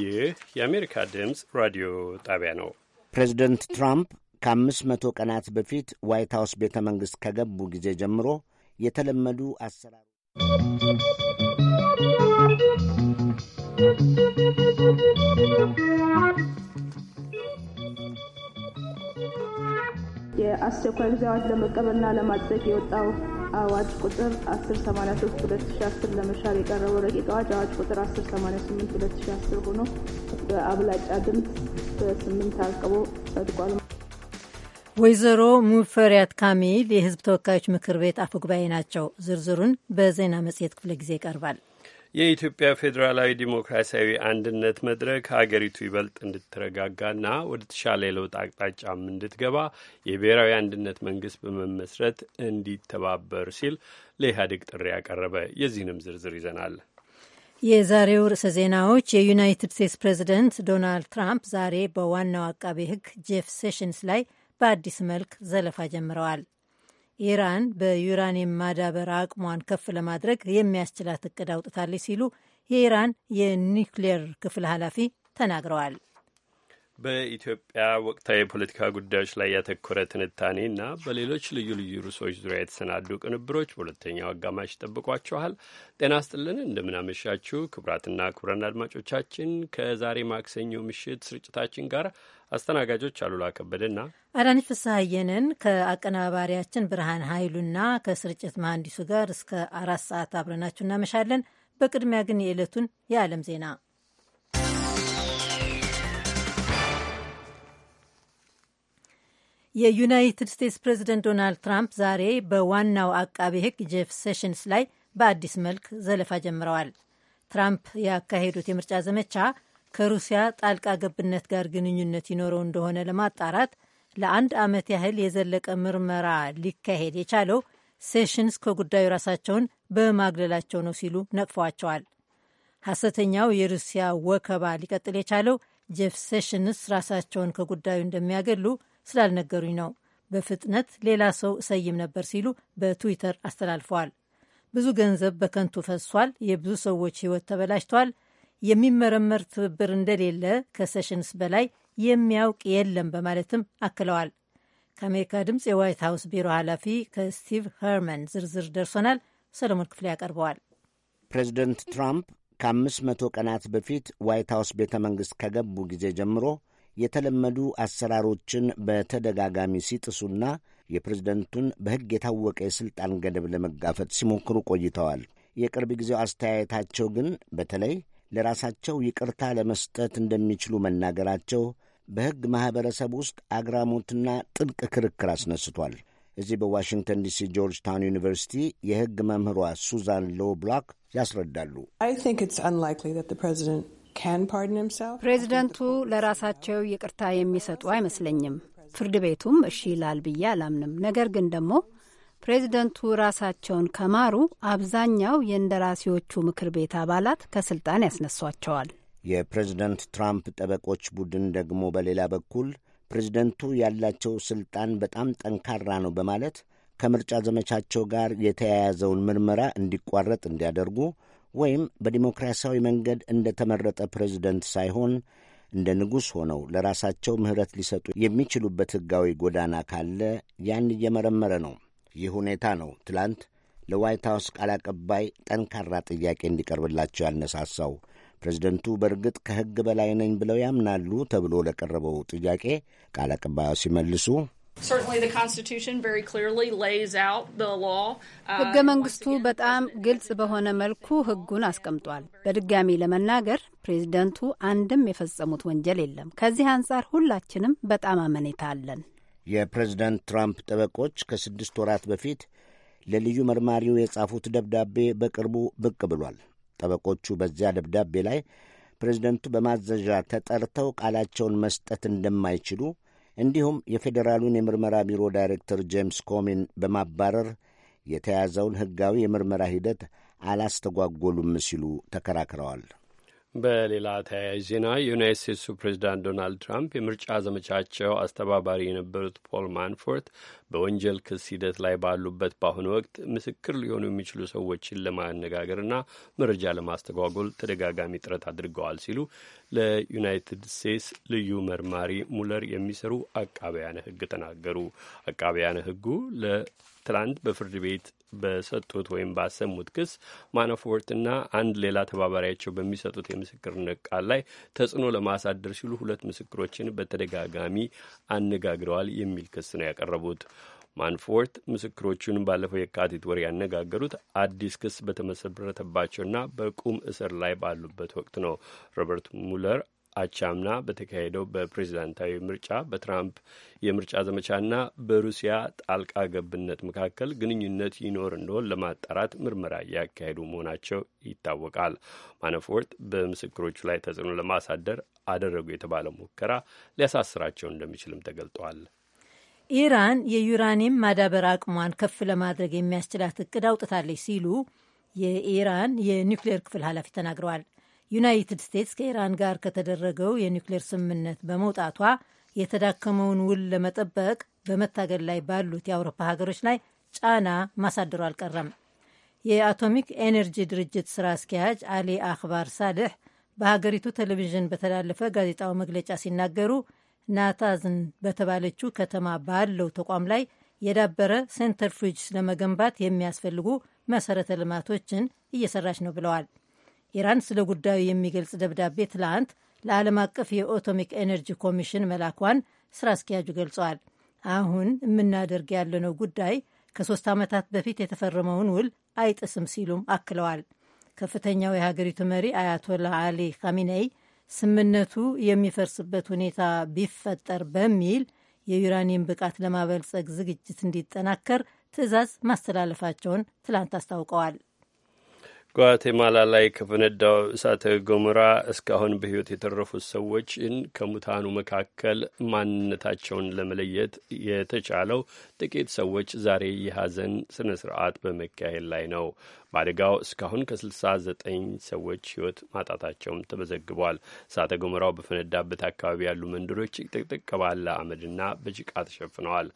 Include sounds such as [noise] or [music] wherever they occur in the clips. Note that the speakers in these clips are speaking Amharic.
ይህ የአሜሪካ ድምፅ ራዲዮ ጣቢያ ነው። ፕሬዚደንት ትራምፕ ከአምስት መቶ ቀናት በፊት ዋይት ሃውስ ቤተ መንግሥት ከገቡ ጊዜ ጀምሮ የተለመዱ አሰራር Thank you. የአስቸኳይ ጊዜ አዋጅ ለመቀበልና ለማጽደቅ የወጣው አዋጅ ቁጥር 1083 2010 ለመሻር የቀረበው ረቂቅ አዋጅ አዋጅ ቁጥር 1088 2010 ሆኖ በአብላጫ ድምፅ በስምንት አቅቦ ጸድቋል። ወይዘሮ ሙፈሪያት ካሚል የህዝብ ተወካዮች ምክር ቤት አፈ ጉባኤ ናቸው። ዝርዝሩን በዜና መጽሔት ክፍለ ጊዜ ይቀርባል። የኢትዮጵያ ፌዴራላዊ ዲሞክራሲያዊ አንድነት መድረክ ሀገሪቱ ይበልጥ እንድትረጋጋና ወደ ተሻለ የለውጥ አቅጣጫም እንድትገባ የብሔራዊ አንድነት መንግስት በመመስረት እንዲተባበር ሲል ለኢህአዴግ ጥሪ ያቀረበ። የዚህንም ዝርዝር ይዘናል። የዛሬው ርዕሰ ዜናዎች የዩናይትድ ስቴትስ ፕሬዚደንት ዶናልድ ትራምፕ ዛሬ በዋናው አቃቤ ሕግ ጄፍ ሴሽንስ ላይ በአዲስ መልክ ዘለፋ ጀምረዋል። ኢራን በዩራኒየም ማዳበር አቅሟን ከፍ ለማድረግ የሚያስችላት እቅድ አውጥታለች ሲሉ የኢራን የኒውክሌር ክፍል ኃላፊ ተናግረዋል። በኢትዮጵያ ወቅታዊ የፖለቲካ ጉዳዮች ላይ ያተኮረ ትንታኔ እና በሌሎች ልዩ ልዩ ርዕሶች ዙሪያ የተሰናዱ ቅንብሮች በሁለተኛው አጋማሽ ጠብቋችኋል። ጤና ስጥልን፣ እንደምናመሻችሁ ክቡራትና ክቡራን አድማጮቻችን ከዛሬ ማክሰኞ ምሽት ስርጭታችን ጋር አስተናጋጆች አሉላ ከበደና አዳነች ፍስሐየንን ከአቀናባሪያችን ብርሃን ኃይሉና ከስርጭት መሐንዲሱ ጋር እስከ አራት ሰዓት አብረናችሁ እናመሻለን። በቅድሚያ ግን የዕለቱን የዓለም ዜና የዩናይትድ ስቴትስ ፕሬዚደንት ዶናልድ ትራምፕ ዛሬ በዋናው አቃቤ ሕግ ጄፍ ሴሽንስ ላይ በአዲስ መልክ ዘለፋ ጀምረዋል። ትራምፕ ያካሄዱት የምርጫ ዘመቻ ከሩሲያ ጣልቃ ገብነት ጋር ግንኙነት ይኖረው እንደሆነ ለማጣራት ለአንድ ዓመት ያህል የዘለቀ ምርመራ ሊካሄድ የቻለው ሴሽንስ ከጉዳዩ ራሳቸውን በማግለላቸው ነው ሲሉ ነቅፈዋቸዋል። ሐሰተኛው የሩሲያ ወከባ ሊቀጥል የቻለው ጄፍ ሴሽንስ ራሳቸውን ከጉዳዩ እንደሚያገሉ ስላልነገሩኝ ነው። በፍጥነት ሌላ ሰው እሰይም ነበር ሲሉ በትዊተር አስተላልፈዋል። ብዙ ገንዘብ በከንቱ ፈሷል። የብዙ ሰዎች ሕይወት ተበላሽቷል። የሚመረመር ትብብር እንደሌለ ከሴሽንስ በላይ የሚያውቅ የለም በማለትም አክለዋል። ከአሜሪካ ድምፅ የዋይት ሀውስ ቢሮ ኃላፊ ከስቲቭ ሄርመን ዝርዝር ደርሶናል። ሰለሞን ክፍሌ ያቀርበዋል። ፕሬዚደንት ትራምፕ ከአምስት መቶ ቀናት በፊት ዋይት ሀውስ ቤተ መንግሥት ከገቡ ጊዜ ጀምሮ የተለመዱ አሰራሮችን በተደጋጋሚ ሲጥሱና የፕሬዝደንቱን በሕግ የታወቀ የሥልጣን ገደብ ለመጋፈጥ ሲሞክሩ ቆይተዋል። የቅርብ ጊዜው አስተያየታቸው ግን በተለይ ለራሳቸው ይቅርታ ለመስጠት እንደሚችሉ መናገራቸው በሕግ ማኅበረሰብ ውስጥ አግራሞትና ጥልቅ ክርክር አስነስቷል። እዚህ በዋሽንግተን ዲሲ ጆርጅ ታውን ዩኒቨርሲቲ የሕግ መምህሯ ሱዛን ሎ ብሎክ ያስረዳሉ። ፕሬዚደንቱ ለራሳቸው ይቅርታ የሚሰጡ አይመስለኝም። ፍርድ ቤቱም እሺ ይላል ብዬ አላምንም። ነገር ግን ደግሞ ፕሬዚደንቱ ራሳቸውን ከማሩ አብዛኛው የእንደራሴዎቹ ምክር ቤት አባላት ከስልጣን ያስነሷቸዋል። የፕሬዚደንት ትራምፕ ጠበቆች ቡድን ደግሞ በሌላ በኩል ፕሬዚደንቱ ያላቸው ስልጣን በጣም ጠንካራ ነው በማለት ከምርጫ ዘመቻቸው ጋር የተያያዘውን ምርመራ እንዲቋረጥ እንዲያደርጉ ወይም በዲሞክራሲያዊ መንገድ እንደ ተመረጠ ፕሬዚደንት ሳይሆን እንደ ንጉሥ ሆነው ለራሳቸው ምሕረት ሊሰጡ የሚችሉበት ሕጋዊ ጎዳና ካለ ያን እየመረመረ ነው። ይህ ሁኔታ ነው ትላንት ለዋይት ሀውስ ቃል አቀባይ ጠንካራ ጥያቄ እንዲቀርብላቸው ያነሳሳው። ፕሬዚደንቱ በእርግጥ ከሕግ በላይ ነኝ ብለው ያምናሉ ተብሎ ለቀረበው ጥያቄ ቃል አቀባዩ ሲመልሱ Certainly the Constitution very clearly lays out the law. Uh, ሕገ መንግስቱ በጣም ግልጽ በሆነ መልኩ ህጉን አስቀምጧል። በድጋሚ ለመናገር ፕሬዝደንቱ አንድም የፈጸሙት ወንጀል የለም። ከዚህ አንጻር ሁላችንም በጣም አመኔታ አለን። የፕሬዝደንት ትራምፕ ጠበቆች ከስድስት ወራት በፊት ለልዩ መርማሪው የጻፉት ደብዳቤ በቅርቡ ብቅ ብሏል። ጠበቆቹ በዚያ ደብዳቤ ላይ ፕሬዝደንቱ በማዘዣ ተጠርተው ቃላቸውን መስጠት እንደማይችሉ እንዲሁም የፌዴራሉን የምርመራ ቢሮ ዳይሬክተር ጄምስ ኮሚን በማባረር የተያዘውን ሕጋዊ የምርመራ ሂደት አላስተጓጎሉም ሲሉ ተከራክረዋል። በሌላ ተያያዥ ዜና የዩናይት ስቴትሱ ፕሬዚዳንት ዶናልድ ትራምፕ የምርጫ ዘመቻቸው አስተባባሪ የነበሩት ፖል ማንፎርት በወንጀል ክስ ሂደት ላይ ባሉበት በአሁኑ ወቅት ምስክር ሊሆኑ የሚችሉ ሰዎችን ለማነጋገርና መረጃ ለማስተጓጎል ተደጋጋሚ ጥረት አድርገዋል ሲሉ ለዩናይትድ ስቴትስ ልዩ መርማሪ ሙለር የሚሰሩ አቃቢያነ ሕግ ተናገሩ። አቃቢያነ ሕጉ ትላንት በፍርድ ቤት በሰጡት ወይም ባሰሙት ክስ ማናፎርትና አንድ ሌላ ተባባሪያቸው በሚሰጡት የምስክርነት ቃል ላይ ተጽዕኖ ለማሳደር ሲሉ ሁለት ምስክሮችን በተደጋጋሚ አነጋግረዋል የሚል ክስ ነው ያቀረቡት። ማንፎርት ምስክሮቹን ባለፈው የካቲት ወር ያነጋገሩት አዲስ ክስ በተመሰረተባቸውና በቁም እስር ላይ ባሉበት ወቅት ነው። ሮበርት ሙለር አቻምና በተካሄደው በፕሬዚዳንታዊ ምርጫ በትራምፕ የምርጫ ዘመቻና በሩሲያ ጣልቃ ገብነት መካከል ግንኙነት ይኖር እንደሆን ለማጣራት ምርመራ እያካሄዱ መሆናቸው ይታወቃል። ማነፎርት በምስክሮቹ ላይ ተጽዕኖ ለማሳደር አደረጉ የተባለ ሙከራ ሊያሳስራቸው እንደሚችልም ተገልጧል። ኢራን የዩራኒየም ማዳበር አቅሟን ከፍ ለማድረግ የሚያስችላት እቅድ አውጥታለች ሲሉ የኢራን የኒውክሌር ክፍል ኃላፊ ተናግረዋል። ዩናይትድ ስቴትስ ከኢራን ጋር ከተደረገው የኒውክሌር ስምምነት በመውጣቷ የተዳከመውን ውል ለመጠበቅ በመታገል ላይ ባሉት የአውሮፓ ሀገሮች ላይ ጫና ማሳደሩ አልቀረም። የአቶሚክ ኤነርጂ ድርጅት ስራ አስኪያጅ አሊ አክባር ሳልሕ በሀገሪቱ ቴሌቪዥን በተላለፈ ጋዜጣዊ መግለጫ ሲናገሩ ናታዝን በተባለችው ከተማ ባለው ተቋም ላይ የዳበረ ሴንተርፍሪጅ ለመገንባት የሚያስፈልጉ መሰረተ ልማቶችን እየሰራች ነው ብለዋል። ኢራን ስለ ጉዳዩ የሚገልጽ ደብዳቤ ትላንት ለዓለም አቀፍ የኦቶሚክ ኤነርጂ ኮሚሽን መላኳን ስራ አስኪያጁ ገልጸዋል። አሁን የምናደርግ ያለነው ጉዳይ ከሶስት ዓመታት በፊት የተፈረመውን ውል አይጥስም ሲሉም አክለዋል። ከፍተኛው የሀገሪቱ መሪ አያቶላ አሊ ካሚኔይ ስምነቱ የሚፈርስበት ሁኔታ ቢፈጠር በሚል የዩራኒየም ብቃት ለማበልጸግ ዝግጅት እንዲጠናከር ትዕዛዝ ማስተላለፋቸውን ትላንት አስታውቀዋል። ጓቴማላ ላይ ከፈነዳው እሳተ ገሞራ እስካሁን በሕይወት የተረፉት ሰዎችን ከሙታኑ መካከል ማንነታቸውን ለመለየት የተቻለው ጥቂት ሰዎች ዛሬ የሐዘን ስነ ስርዓት በመካሄድ ላይ ነው። በአደጋው እስካሁን ከ69 ሰዎች ሕይወት ማጣታቸውም ተመዘግቧል። እሳተ ገሞራው በፈነዳበት አካባቢ ያሉ መንደሮች ጥቅጥቅ ባለ አመድና በጭቃ ተሸፍነዋል።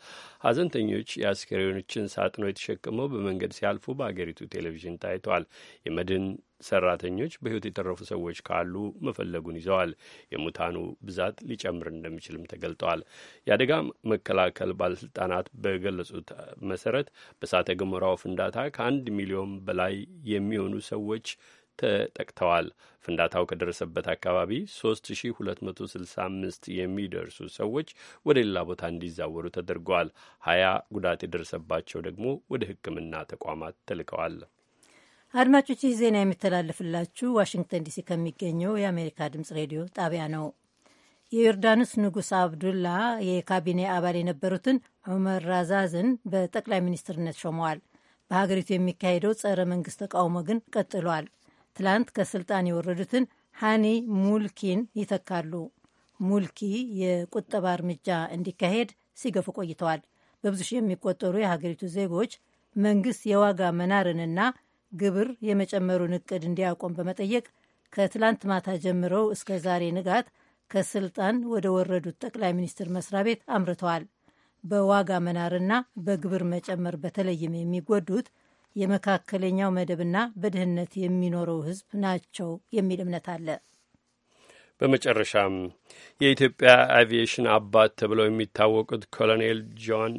ሀዘንተኞች የአስከሬኖችን ሳጥኖ የተሸክመው በመንገድ ሲያልፉ በአገሪቱ ቴሌቪዥን ታይቷል። የመድን ሰራተኞች በሕይወት የተረፉ ሰዎች ካሉ መፈለጉን ይዘዋል። የሙታኑ ብዛት ሊጨምር እንደሚችልም ተገልጠዋል። የአደጋ መከላከል ባለስልጣናት በገለጹት መሰረት በእሳተ ገሞራው ፍንዳታ ከአንድ ሚሊዮን በላይ የሚሆኑ ሰዎች ተጠቅተዋል። ፍንዳታው ከደረሰበት አካባቢ 3265 የሚደርሱ ሰዎች ወደ ሌላ ቦታ እንዲዛወሩ ተደርገዋል። ሀያ ጉዳት የደረሰባቸው ደግሞ ወደ ሕክምና ተቋማት ተልከዋል። አድማጮች ይህ ዜና የሚተላለፍላችሁ ዋሽንግተን ዲሲ ከሚገኘው የአሜሪካ ድምጽ ሬዲዮ ጣቢያ ነው። የዮርዳኖስ ንጉሥ አብዱላ የካቢኔ አባል የነበሩትን ዑመር ራዛዝን በጠቅላይ ሚኒስትርነት ሾመዋል። በሀገሪቱ የሚካሄደው ጸረ መንግስት ተቃውሞ ግን ቀጥሏል። ትላንት ከስልጣን የወረዱትን ሃኒ ሙልኪን ይተካሉ። ሙልኪ የቁጠባ እርምጃ እንዲካሄድ ሲገፉ ቆይተዋል። በብዙ ሺህ የሚቆጠሩ የሀገሪቱ ዜጎች መንግስት የዋጋ መናርንና ግብር የመጨመሩን እቅድ እንዲያቆም በመጠየቅ ከትላንት ማታ ጀምረው እስከ ዛሬ ንጋት ከስልጣን ወደ ወረዱት ጠቅላይ ሚኒስትር መስሪያ ቤት አምርተዋል። በዋጋ መናርና በግብር መጨመር በተለይም የሚጎዱት የመካከለኛው መደብና በድህነት የሚኖረው ሕዝብ ናቸው የሚል እምነት አለ። በመጨረሻም የኢትዮጵያ አቪዬሽን አባት ተብለው የሚታወቁት ኮሎኔል ጆን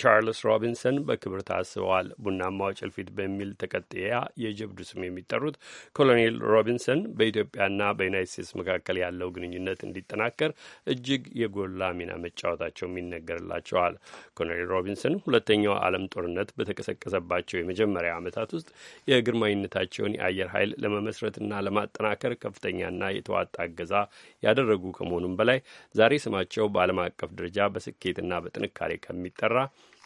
ቻርልስ ሮቢንሰን በክብር ታስበዋል። ቡናማው ጭልፊት በሚል ተቀጥያ የጀብዱ ስም የሚጠሩት ኮሎኔል ሮቢንሰን በኢትዮጵያና በዩናይት ስቴትስ መካከል ያለው ግንኙነት እንዲጠናከር እጅግ የጎላ ሚና መጫወታቸውም ይነገርላቸዋል። ኮሎኔል ሮቢንሰን ሁለተኛው ዓለም ጦርነት በተቀሰቀሰባቸው የመጀመሪያ ዓመታት ውስጥ የግርማዊነታቸውን የአየር ኃይል ለመመስረትና ለማጠናከር ከፍተኛና የተዋጣ እገዛ ያደረጉ ከመሆኑም በላይ ዛሬ ስማቸው በዓለም አቀፍ ደረጃ በስኬትና በጥንካሬ ከሚጠራ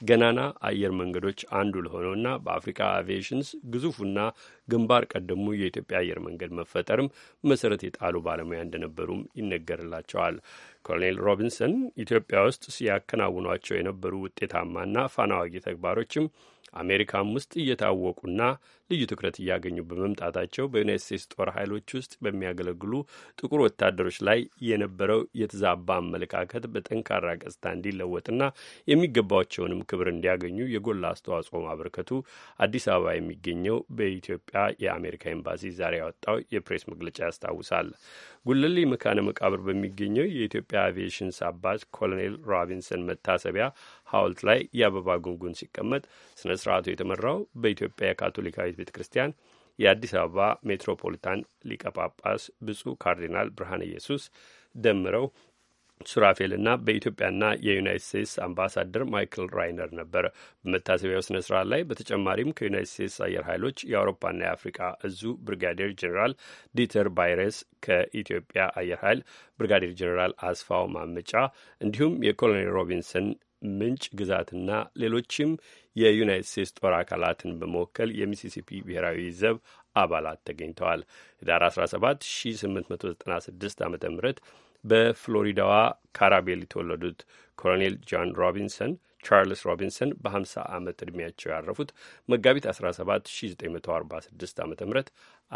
ገናና አየር መንገዶች አንዱ ለሆነውና በአፍሪካ አቪዬሽንስ ግዙፉና ግንባር ቀደሙ የኢትዮጵያ አየር መንገድ መፈጠርም መሰረት የጣሉ ባለሙያ እንደነበሩም ይነገርላቸዋል። ኮሎኔል ሮቢንሰን ኢትዮጵያ ውስጥ ሲያከናውኗቸው የነበሩ ውጤታማና ፋናዋጊ ተግባሮችም አሜሪካም ውስጥ እየታወቁና ልዩ ትኩረት እያገኙ በመምጣታቸው በዩናይት ስቴትስ ጦር ኃይሎች ውስጥ በሚያገለግሉ ጥቁር ወታደሮች ላይ የነበረው የተዛባ አመለካከት በጠንካራ ገጽታ እንዲለወጥና የሚገባቸውንም ክብር እንዲያገኙ የጎላ አስተዋጽኦ ማበርከቱ አዲስ አበባ የሚገኘው በኢትዮጵያ የአሜሪካ ኤምባሲ ዛሬ ያወጣው የፕሬስ መግለጫ ያስታውሳል። ጉልሌ መካነ መቃብር በሚገኘው የኢትዮጵያ አቪዬሽን ሳባዝ ኮሎኔል ሮቢንሰን መታሰቢያ ሐውልት ላይ የአበባ ጉንጉን ሲቀመጥ ስነ ስርዓቱ የተመራው በኢትዮጵያ የካቶሊካዊት ቤተ ክርስቲያን የአዲስ አበባ ሜትሮፖሊታን ሊቀ ጳጳስ ብፁዕ ካርዲናል ብርሃነ ኢየሱስ ደምረው ሱራፌልና በኢትዮጵያና የዩናይት ስቴትስ አምባሳደር ማይክል ራይነር ነበር። በመታሰቢያው ስነ ስርዓት ላይ በተጨማሪም ከዩናይት ስቴትስ አየር ኃይሎች የአውሮፓና የአፍሪካ እዙ ብሪጋዴር ጀኔራል ዲተር ባይረስ ከኢትዮጵያ አየር ኃይል ብሪጋዴር ጀኔራል አስፋው ማመጫ እንዲሁም የኮሎኔል ሮቢንሰን ምንጭ ግዛትና ሌሎችም የዩናይት ስቴትስ ጦር አካላትን በመወከል የሚሲሲፒ ብሔራዊ ዘብ አባላት ተገኝተዋል። ህዳር 17 1896 ዓ ም በፍሎሪዳዋ ካራቤል የተወለዱት ኮሎኔል ጆን ሮቢንሰን ቻርልስ ሮቢንሰን በ50 ዓመት ዕድሜያቸው ያረፉት መጋቢት 17 1946 ዓ ም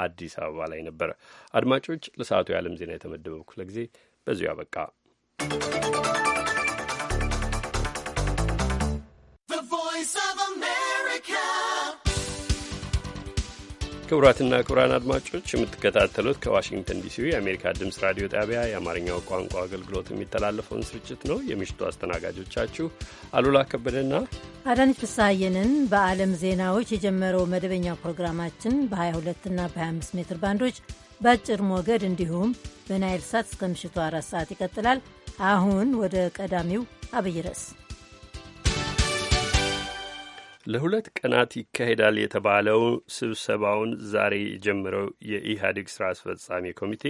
አዲስ አበባ ላይ ነበር። አድማጮች፣ ለሰዓቱ የዓለም ዜና የተመደበው ክፍለ ጊዜ በዚሁ ያበቃ። ክቡራትና ክቡራን አድማጮች የምትከታተሉት ከዋሽንግተን ዲሲ የአሜሪካ ድምፅ ራዲዮ ጣቢያ የአማርኛው ቋንቋ አገልግሎት የሚተላለፈውን ስርጭት ነው። የምሽቱ አስተናጋጆቻችሁ አሉላ ከበደና አዳነች ፍስሐየንን። በዓለም ዜናዎች የጀመረው መደበኛ ፕሮግራማችን በ22ና በ25 ሜትር ባንዶች በአጭር ሞገድ እንዲሁም በናይል ሳት እስከ ምሽቱ አራት ሰዓት ይቀጥላል። አሁን ወደ ቀዳሚው አብይ ርዕስ ለሁለት ቀናት ይካሄዳል የተባለው ስብሰባውን ዛሬ የጀመረው የኢህአዴግ ስራ አስፈጻሚ ኮሚቴ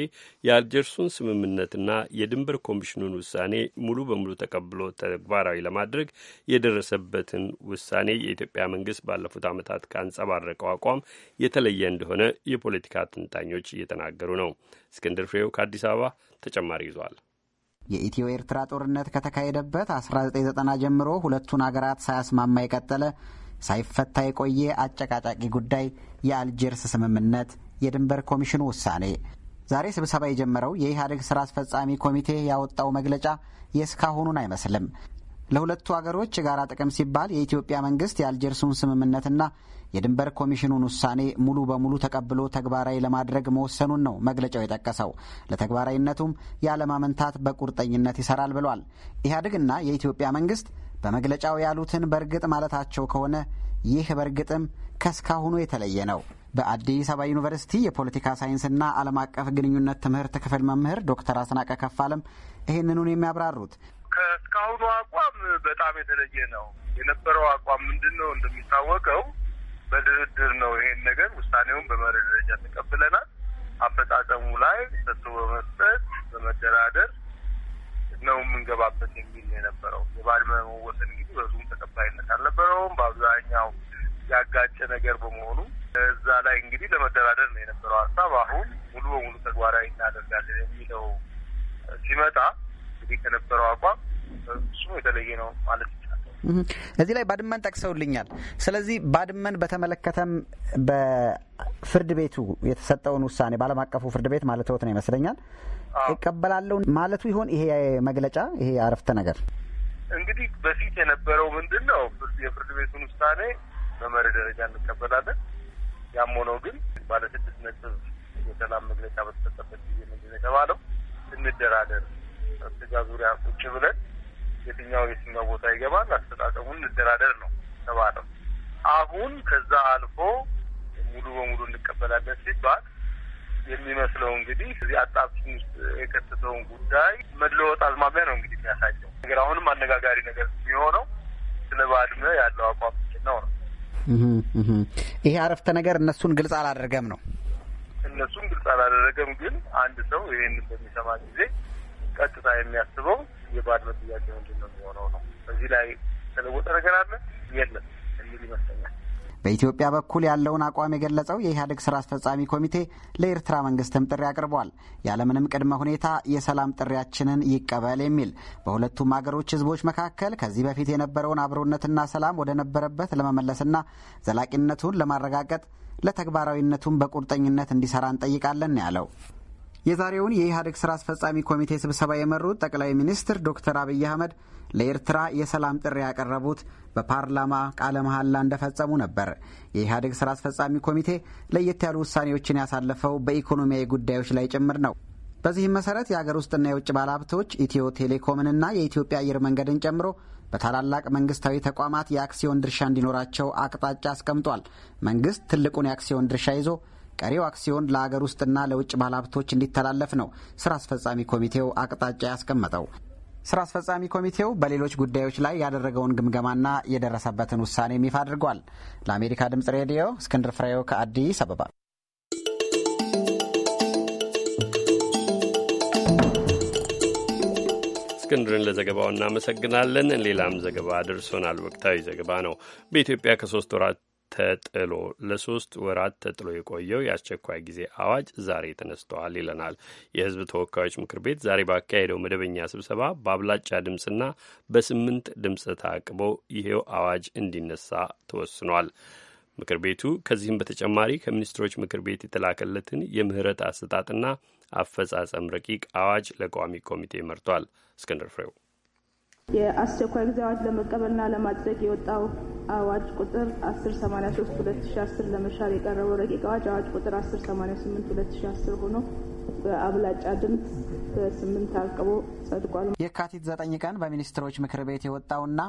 የአልጀርሱን ስምምነትና የድንበር ኮሚሽኑን ውሳኔ ሙሉ በሙሉ ተቀብሎ ተግባራዊ ለማድረግ የደረሰበትን ውሳኔ የኢትዮጵያ መንግስት ባለፉት ዓመታት ካንጸባረቀው አቋም የተለየ እንደሆነ የፖለቲካ ትንታኞች እየተናገሩ ነው። እስክንድር ፍሬው ከአዲስ አበባ ተጨማሪ ይዟል። የኢትዮ ኤርትራ ጦርነት ከተካሄደበት 1990 ጀምሮ ሁለቱን አገራት ሳያስማማ የቀጠለ ሳይፈታ የቆየ አጨቃጫቂ ጉዳይ የአልጀርስ ስምምነት፣ የድንበር ኮሚሽኑ ውሳኔ። ዛሬ ስብሰባ የጀመረው የኢህአዴግ ስራ አስፈጻሚ ኮሚቴ ያወጣው መግለጫ የእስካሁኑን አይመስልም። ለሁለቱ አገሮች የጋራ ጥቅም ሲባል የኢትዮጵያ መንግስት የአልጀርሱን ስምምነትና የድንበር ኮሚሽኑን ውሳኔ ሙሉ በሙሉ ተቀብሎ ተግባራዊ ለማድረግ መወሰኑን ነው መግለጫው የጠቀሰው። ለተግባራዊነቱም ያለማመንታት በቁርጠኝነት ይሰራል ብሏል። ኢህአዴግና የኢትዮጵያ መንግስት በመግለጫው ያሉትን በእርግጥ ማለታቸው ከሆነ ይህ በእርግጥም ከስካሁኑ የተለየ ነው። በአዲስ አበባ ዩኒቨርሲቲ የፖለቲካ ሳይንስና ዓለም አቀፍ ግንኙነት ትምህርት ክፍል መምህር ዶክተር አስናቀ ከፋለም ይህንኑን የሚያብራሩት ከእስካሁኑ አቋም በጣም የተለየ ነው። የነበረው አቋም ምንድን ነው? እንደሚታወቀው በድርድር ነው ይሄን ነገር ውሳኔውን በመሪ ደረጃ ተቀብለናል። አፈጻጸሙ ላይ ሰጥቶ በመስጠት በመደራደር ነው የምንገባበት የሚል የነበረው እዚህ ላይ ባድመን ጠቅሰውልኛል። ስለዚህ ባድመን በተመለከተም በፍርድ ቤቱ የተሰጠውን ውሳኔ በዓለም አቀፉ ፍርድ ቤት ማለት ነው ይመስለኛል ይቀበላለሁ ማለቱ ይሆን ይሄ መግለጫ ይሄ አረፍተ ነገር? እንግዲህ በፊት የነበረው ምንድን ነው የፍርድ ቤቱን ውሳኔ በመሪ ደረጃ እንቀበላለን። ያም ሆነው ግን ባለስድስት ነጥብ የሰላም መግለጫ በተሰጠበት ጊዜ ምንድን ነው የተባለው? እንደራደር ስጋ ዙሪያ ቁጭ ብለን የትኛው የትኛው ቦታ ይገባል፣ አስተጣጠሙን እንደራደር ነው ተባለው። አሁን ከዛ አልፎ ሙሉ በሙሉ እንቀበላለን ሲባል የሚመስለው እንግዲህ እዚህ አጣብቂኝ ውስጥ የከተተውን ጉዳይ መለወጥ አዝማሚያ ነው እንግዲህ የሚያሳየው ነገር። አሁንም አነጋጋሪ ነገር የሚሆነው ስለ ባድመ ያለው አቋም ነው ነው ይሄ አረፍተ ነገር እነሱን ግልጽ አላደረገም ነው። እነሱን ግልጽ አላደረገም፣ ግን አንድ ሰው ይህን በሚሰማ ጊዜ ቀጥታ የሚያስበው የባድመ ጥያቄ ምንድን ነው የሚሆነው ነው። በዚህ ላይ ተለወጠ ነገር አለ የለም የሚል ይመስለኛል። በኢትዮጵያ በኩል ያለውን አቋም የገለጸው የኢህአዴግ ስራ አስፈጻሚ ኮሚቴ ለኤርትራ መንግስትም ጥሪ አቅርቧል። ያለምንም ቅድመ ሁኔታ የሰላም ጥሪያችንን ይቀበል የሚል በሁለቱም አገሮች ህዝቦች መካከል ከዚህ በፊት የነበረውን አብሮነትና ሰላም ወደ ነበረበት ለመመለስና ዘላቂነቱን ለማረጋገጥ ለተግባራዊነቱን በቁርጠኝነት እንዲሰራ እንጠይቃለን ያለው የዛሬውን የኢህአዴግ ስራ አስፈጻሚ ኮሚቴ ስብሰባ የመሩት ጠቅላይ ሚኒስትር ዶክተር አብይ አህመድ ለኤርትራ የሰላም ጥሪ ያቀረቡት በፓርላማ ቃለ መሐላ እንደፈጸሙ ነበር። የኢህአዴግ ስራ አስፈጻሚ ኮሚቴ ለየት ያሉ ውሳኔዎችን ያሳለፈው በኢኮኖሚያዊ ጉዳዮች ላይ ጭምር ነው። በዚህም መሰረት የአገር ውስጥና የውጭ ባለሀብቶች ኢትዮ ቴሌኮምንና የኢትዮጵያ አየር መንገድን ጨምሮ በታላላቅ መንግስታዊ ተቋማት የአክሲዮን ድርሻ እንዲኖራቸው አቅጣጫ አስቀምጧል። መንግስት ትልቁን የአክሲዮን ድርሻ ይዞ ቀሪው አክሲዮን ለአገር ውስጥና ለውጭ ባለሀብቶች እንዲተላለፍ ነው ስራ አስፈጻሚ ኮሚቴው አቅጣጫ ያስቀመጠው። ስራ አስፈጻሚ ኮሚቴው በሌሎች ጉዳዮች ላይ ያደረገውን ግምገማና የደረሰበትን ውሳኔም ይፋ አድርጓል። ለአሜሪካ ድምጽ ሬዲዮ እስክንድር ፍሬው ከአዲስ አበባ። እስክንድርን ለዘገባው እናመሰግናለን። ሌላም ዘገባ ደርሶናል። ወቅታዊ ዘገባ ነው። በኢትዮጵያ ከሶስት ወራት ተጥሎ ለሶስት ወራት ተጥሎ የቆየው የአስቸኳይ ጊዜ አዋጅ ዛሬ ተነስተዋል ይለናል። የህዝብ ተወካዮች ምክር ቤት ዛሬ ባካሄደው መደበኛ ስብሰባ በአብላጫ ድምፅና በስምንት ድምፅ ታቅቦ ይሄው አዋጅ እንዲነሳ ተወስኗል። ምክር ቤቱ ከዚህም በተጨማሪ ከሚኒስትሮች ምክር ቤት የተላከለትን የምህረት አሰጣጥና አፈጻጸም ረቂቅ አዋጅ ለቋሚ ኮሚቴ መርቷል። እስክንድር ፍሬው የአስቸኳይ ጊዜ አዋጅ ለመቀበልና ለማጽደቅ የወጣው አዋጅ ቁጥር 1083 2010 ለመሻር የቀረበው ረቂቅ አዋጅ አዋጅ ቁጥር 1088 2010 ሆኖ በአብላጫ ድምፅ በስምንት አቅቦ ጸድቋል። የካቲት ዘጠኝ ቀን በሚኒስትሮች ምክር ቤት የወጣውና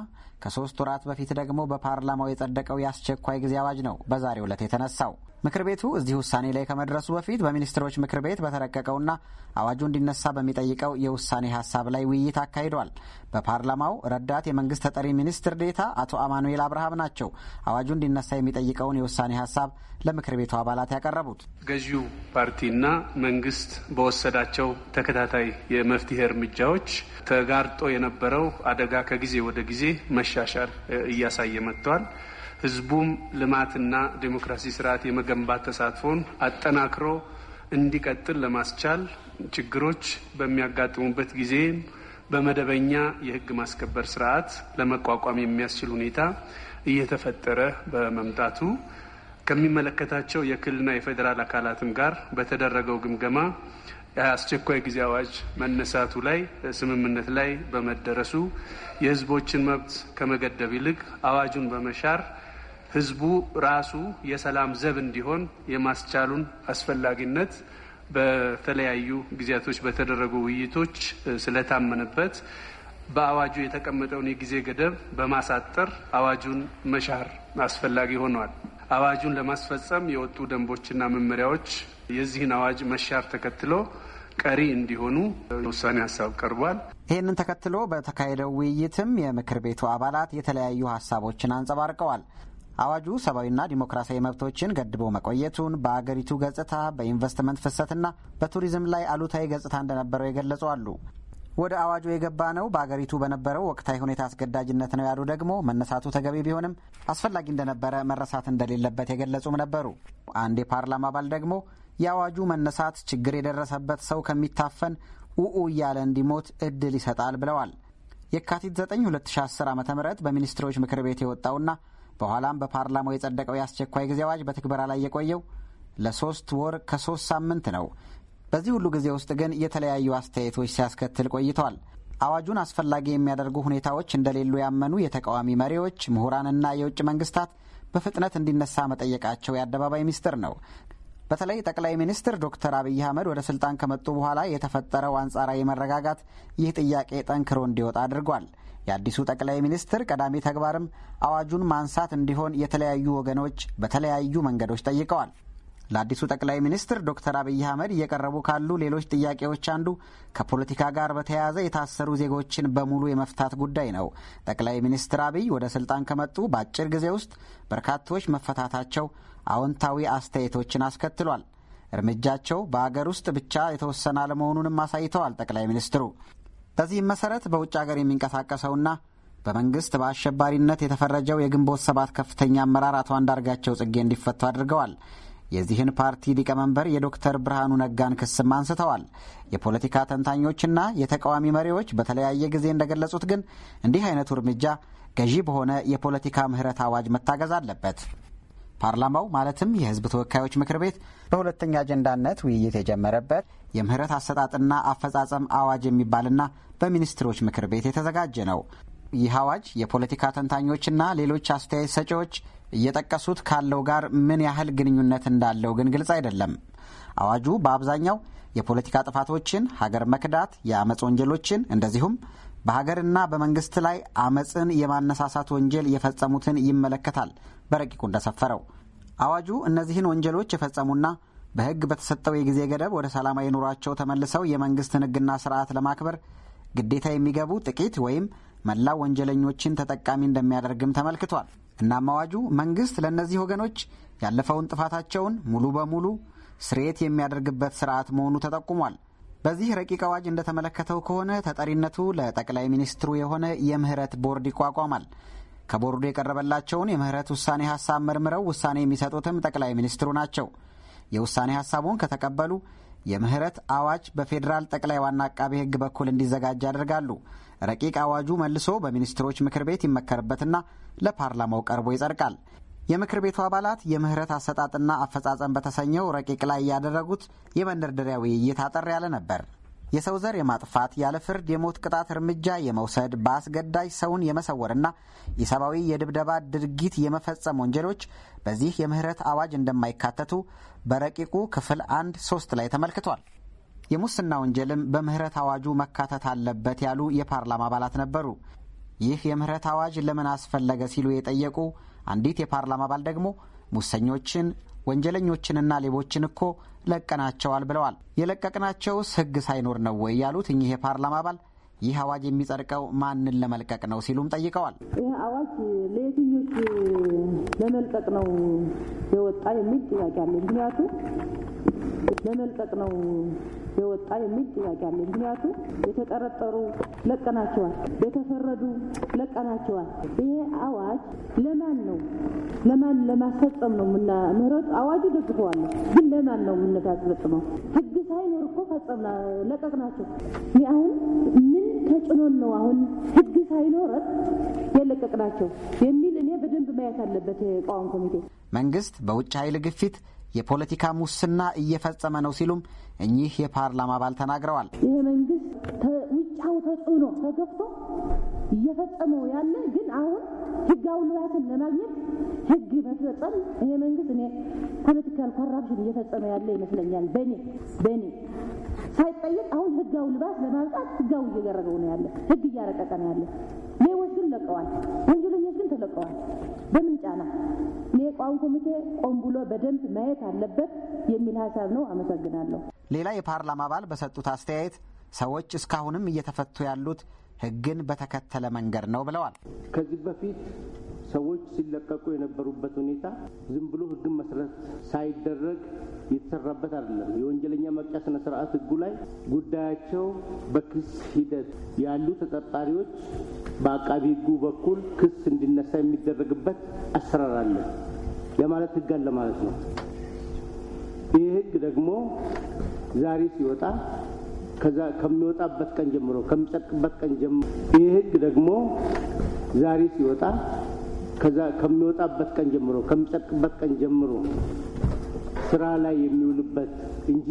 ከሶስት ወራት በፊት ደግሞ በፓርላማው የጸደቀው የአስቸኳይ ጊዜ አዋጅ ነው በዛሬው ዕለት የተነሳው። ምክር ቤቱ እዚህ ውሳኔ ላይ ከመድረሱ በፊት በሚኒስትሮች ምክር ቤት በተረቀቀውና አዋጁ እንዲነሳ በሚጠይቀው የውሳኔ ሀሳብ ላይ ውይይት አካሂዷል። በፓርላማው ረዳት የመንግስት ተጠሪ ሚኒስትር ዴታ አቶ አማኑኤል አብርሃም ናቸው አዋጁ እንዲነሳ የሚጠይቀውን የውሳኔ ሀሳብ ለምክር ቤቱ አባላት ያቀረቡት። ገዢው ፓርቲና መንግስት መንግስት በወሰዳቸው ተከታታይ የመፍትሄ እርምጃዎች ተጋርጦ የነበረው አደጋ ከጊዜ ወደ ጊዜ መሻሻል እያሳየ መጥቷል። ህዝቡም ልማትና ዴሞክራሲ ስርዓት የመገንባት ተሳትፎን አጠናክሮ እንዲቀጥል ለማስቻል ችግሮች በሚያጋጥሙበት ጊዜ በመደበኛ የህግ ማስከበር ስርዓት ለመቋቋም የሚያስችል ሁኔታ እየተፈጠረ በመምጣቱ ከሚመለከታቸው የክልልና የፌዴራል አካላትም ጋር በተደረገው ግምገማ የአስቸኳይ ጊዜ አዋጅ መነሳቱ ላይ ስምምነት ላይ በመደረሱ የህዝቦችን መብት ከመገደብ ይልቅ አዋጁን በመሻር ህዝቡ ራሱ የሰላም ዘብ እንዲሆን የማስቻሉን አስፈላጊነት በተለያዩ ጊዜያቶች በተደረጉ ውይይቶች ስለታመነበት በአዋጁ የተቀመጠውን የጊዜ ገደብ በማሳጠር አዋጁን መሻር አስፈላጊ ሆኗል። አዋጁን ለማስፈጸም የወጡ ደንቦችና መመሪያዎች የዚህን አዋጅ መሻር ተከትሎ ቀሪ እንዲሆኑ ውሳኔ ሀሳብ ቀርቧል። ይህንን ተከትሎ በተካሄደው ውይይትም የምክር ቤቱ አባላት የተለያዩ ሀሳቦችን አንጸባርቀዋል። አዋጁ ሰብአዊና ዲሞክራሲያዊ መብቶችን ገድቦ መቆየቱን በአገሪቱ ገጽታ፣ በኢንቨስትመንት ፍሰትና በቱሪዝም ላይ አሉታዊ ገጽታ እንደነበረው የገለጹ አሉ። ወደ አዋጁ የገባ ነው በአገሪቱ በነበረው ወቅታዊ ሁኔታ አስገዳጅነት ነው ያሉ ደግሞ መነሳቱ ተገቢ ቢሆንም አስፈላጊ እንደነበረ መረሳት እንደሌለበት የገለጹም ነበሩ። አንድ የፓርላማ አባል ደግሞ የአዋጁ መነሳት ችግር የደረሰበት ሰው ከሚታፈን ውኡ እያለ እንዲሞት እድል ይሰጣል ብለዋል። የካቲት 9 2010 ዓ ም በሚኒስትሮች ምክር ቤት የወጣውና በኋላም በፓርላማው የጸደቀው የአስቸኳይ ጊዜ አዋጅ በትግበራ ላይ የቆየው ለሶስት ወር ከሶስት ሳምንት ነው። በዚህ ሁሉ ጊዜ ውስጥ ግን የተለያዩ አስተያየቶች ሲያስከትል ቆይተዋል። አዋጁን አስፈላጊ የሚያደርጉ ሁኔታዎች እንደሌሉ ያመኑ የተቃዋሚ መሪዎች፣ ምሁራንና የውጭ መንግስታት በፍጥነት እንዲነሳ መጠየቃቸው የአደባባይ ሚስጥር ነው። በተለይ ጠቅላይ ሚኒስትር ዶክተር አብይ አህመድ ወደ ስልጣን ከመጡ በኋላ የተፈጠረው አንጻራዊ መረጋጋት ይህ ጥያቄ ጠንክሮ እንዲወጣ አድርጓል። የአዲሱ ጠቅላይ ሚኒስትር ቀዳሚ ተግባርም አዋጁን ማንሳት እንዲሆን የተለያዩ ወገኖች በተለያዩ መንገዶች ጠይቀዋል። ለአዲሱ ጠቅላይ ሚኒስትር ዶክተር አብይ አህመድ እየቀረቡ ካሉ ሌሎች ጥያቄዎች አንዱ ከፖለቲካ ጋር በተያያዘ የታሰሩ ዜጎችን በሙሉ የመፍታት ጉዳይ ነው። ጠቅላይ ሚኒስትር አብይ ወደ ስልጣን ከመጡ በአጭር ጊዜ ውስጥ በርካቶች መፈታታቸው አዎንታዊ አስተያየቶችን አስከትሏል። እርምጃቸው በአገር ውስጥ ብቻ የተወሰነ አለመሆኑንም አሳይተዋል። ጠቅላይ ሚኒስትሩ በዚህም መሰረት በውጭ ሀገር የሚንቀሳቀሰውና በመንግስት በአሸባሪነት የተፈረጀው የግንቦት ሰባት ከፍተኛ አመራር አቶ አንዳርጋቸው ጽጌ እንዲፈቱ አድርገዋል። የዚህን ፓርቲ ሊቀመንበር የዶክተር ብርሃኑ ነጋን ክስም አንስተዋል። የፖለቲካ ተንታኞችና የተቃዋሚ መሪዎች በተለያየ ጊዜ እንደገለጹት ግን እንዲህ አይነቱ እርምጃ ገዢ በሆነ የፖለቲካ ምህረት አዋጅ መታገዝ አለበት። ፓርላማው ማለትም የሕዝብ ተወካዮች ምክር ቤት በሁለተኛ አጀንዳነት ውይይት የጀመረበት የምህረት አሰጣጥና አፈጻጸም አዋጅ የሚባልና በሚኒስትሮች ምክር ቤት የተዘጋጀ ነው። ይህ አዋጅ የፖለቲካ ተንታኞችና ሌሎች አስተያየት ሰጪዎች እየጠቀሱት ካለው ጋር ምን ያህል ግንኙነት እንዳለው ግን ግልጽ አይደለም። አዋጁ በአብዛኛው የፖለቲካ ጥፋቶችን፣ ሀገር መክዳት፣ የአመፅ ወንጀሎችን እንደዚሁም በሀገርና በመንግስት ላይ አመፅን የማነሳሳት ወንጀል የፈጸሙትን ይመለከታል። በረቂቁ እንደሰፈረው አዋጁ እነዚህን ወንጀሎች የፈጸሙና በሕግ በተሰጠው የጊዜ ገደብ ወደ ሰላማዊ ኑሯቸው ተመልሰው የመንግስትን ሕግና ስርዓት ለማክበር ግዴታ የሚገቡ ጥቂት ወይም መላ ወንጀለኞችን ተጠቃሚ እንደሚያደርግም ተመልክቷል። እናም አዋጁ መንግስት ለእነዚህ ወገኖች ያለፈውን ጥፋታቸውን ሙሉ በሙሉ ስርየት የሚያደርግበት ስርዓት መሆኑ ተጠቁሟል። በዚህ ረቂቅ አዋጅ እንደተመለከተው ከሆነ ተጠሪነቱ ለጠቅላይ ሚኒስትሩ የሆነ የምህረት ቦርድ ይቋቋማል። ከቦርዱ የቀረበላቸውን የምህረት ውሳኔ ሀሳብ መርምረው ውሳኔ የሚሰጡትም ጠቅላይ ሚኒስትሩ ናቸው። የውሳኔ ሀሳቡን ከተቀበሉ የምህረት አዋጅ በፌዴራል ጠቅላይ ዋና አቃቤ ሕግ በኩል እንዲዘጋጅ ያደርጋሉ። ረቂቅ አዋጁ መልሶ በሚኒስትሮች ምክር ቤት ይመከርበትና ለፓርላማው ቀርቦ ይጸድቃል። የምክር ቤቱ አባላት የምህረት አሰጣጥና አፈጻጸም በተሰኘው ረቂቅ ላይ ያደረጉት የመንደርደሪያ ውይይት አጠር ያለ ነበር። የሰው ዘር የማጥፋት ያለ ፍርድ የሞት ቅጣት እርምጃ የመውሰድ በአስገዳጅ ሰውን የመሰወርና የሰብአዊ የድብደባ ድርጊት የመፈጸም ወንጀሎች በዚህ የምህረት አዋጅ እንደማይካተቱ በረቂቁ ክፍል አንድ ሶስት ላይ ተመልክቷል። የሙስና ወንጀልም በምህረት አዋጁ መካተት አለበት ያሉ የፓርላማ አባላት ነበሩ። ይህ የምህረት አዋጅ ለምን አስፈለገ ሲሉ የጠየቁ አንዲት የፓርላማ አባል ደግሞ ሙሰኞችን ወንጀለኞችንና ሌቦችን እኮ ለቀናቸዋል ብለዋል። የለቀቅናቸውስ ህግ ሳይኖር ነው ወይ ያሉት እኚህ የፓርላማ አባል ይህ አዋጅ የሚጸድቀው ማንን ለመልቀቅ ነው ሲሉም ጠይቀዋል። ይህ አዋጅ ለየትኞች ለመልቀቅ ነው የወጣ የሚል ጥያቄ አለ። ምክንያቱም ለመልቀቅ ነው የወጣ የሚል ጥያቄ አለ። ምክንያቱም የተጠረጠሩ ለቀናቸዋል፣ የተፈረዱ ለቀናቸዋል። ይሄ አዋጅ ለማን ነው? ለማን ለማስፈጸም ነው? ምና ምህረቱ አዋጁ ደግፈዋል፣ ግን ለማን ነው የምናስፈጽመው? ህግ ሳይኖር እኮ ፈጸምና ለቀቅናቸው። አሁን ምን ተጭኖን ነው አሁን ህግ ሳይኖረት የለቀቅናቸው የሚል እኔ በደንብ ማየት አለበት የቋን ኮሚቴ መንግስት በውጭ ኃይል ግፊት የፖለቲካ ሙስና እየፈጸመ ነው ሲሉም እኚህ የፓርላማ አባል ተናግረዋል። ይሄ መንግስት ውጫው ተጽዕኖ ተገብቶ እየፈጸመው ያለ ግን አሁን ህጋዊ ልባትን ለማግኘት ህግ መፈጸም ይህ መንግስት እኔ ፖለቲካል ኮራፕሽን እየፈጸመ ያለ ይመስለኛል። በኔ በኔ ሳይጠየቅ አሁን ህጋዊ ልባት ለማምጣት ህጋዊ እየደረገው ነው ያለ ህግ እያረቀቀ ነው ያለ ሌቦች ግን ለቀዋል። ስልጣኑን ለቀዋል። በምን ጫና? ቋሚ ኮሚቴ ቆም ብሎ በደንብ ማየት አለበት የሚል ሀሳብ ነው። አመሰግናለሁ። ሌላ የፓርላማ አባል በሰጡት አስተያየት ሰዎች እስካሁንም እየተፈቱ ያሉት ህግን በተከተለ መንገድ ነው ብለዋል። ከዚህ በፊት ሰዎች ሲለቀቁ የነበሩበት ሁኔታ ዝም ብሎ ህግን መሰረት ሳይደረግ የተሰራበት አይደለም። የወንጀለኛ መቅጫ ስነ ስርዓት ህጉ ላይ ጉዳያቸው በክስ ሂደት ያሉ ተጠርጣሪዎች በአቃቢ ህጉ በኩል ክስ እንዲነሳ የሚደረግበት አሰራር አለ። ለማለት ህግ አለ ማለት ነው። ይህ ህግ ደግሞ ዛሬ ሲወጣ ከዛ ከሚወጣበት ቀን ጀምሮ ከሚጸድቅበት ቀን ጀምሮ ይህ ህግ ደግሞ ዛሬ ሲወጣ ከዛ ከሚወጣበት ቀን ጀምሮ ከሚጸድቅበት ቀን ጀምሮ ስራ ላይ የሚውልበት እንጂ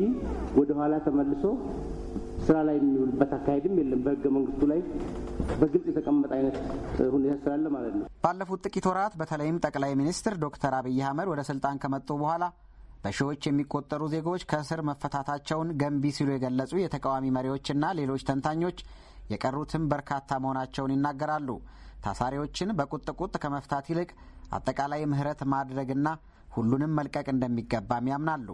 ወደኋላ ተመልሶ ስራ ላይ የሚውልበት አካሄድም የለም። በህገ መንግስቱ ላይ በግልጽ የተቀመጠ አይነት ሁኔታ ስላለ ማለት ነው። ባለፉት ጥቂት ወራት በተለይም ጠቅላይ ሚኒስትር ዶክተር አብይ አህመድ ወደ ስልጣን ከመጡ በኋላ በሺዎች የሚቆጠሩ ዜጎች ከእስር መፈታታቸውን ገንቢ ሲሉ የገለጹ የተቃዋሚ መሪዎችና ሌሎች ተንታኞች የቀሩትም በርካታ መሆናቸውን ይናገራሉ። ታሳሪዎችን በቁጥቁጥ ከመፍታት ይልቅ አጠቃላይ ምህረት ማድረግና ሁሉንም መልቀቅ እንደሚገባም ያምናሉ።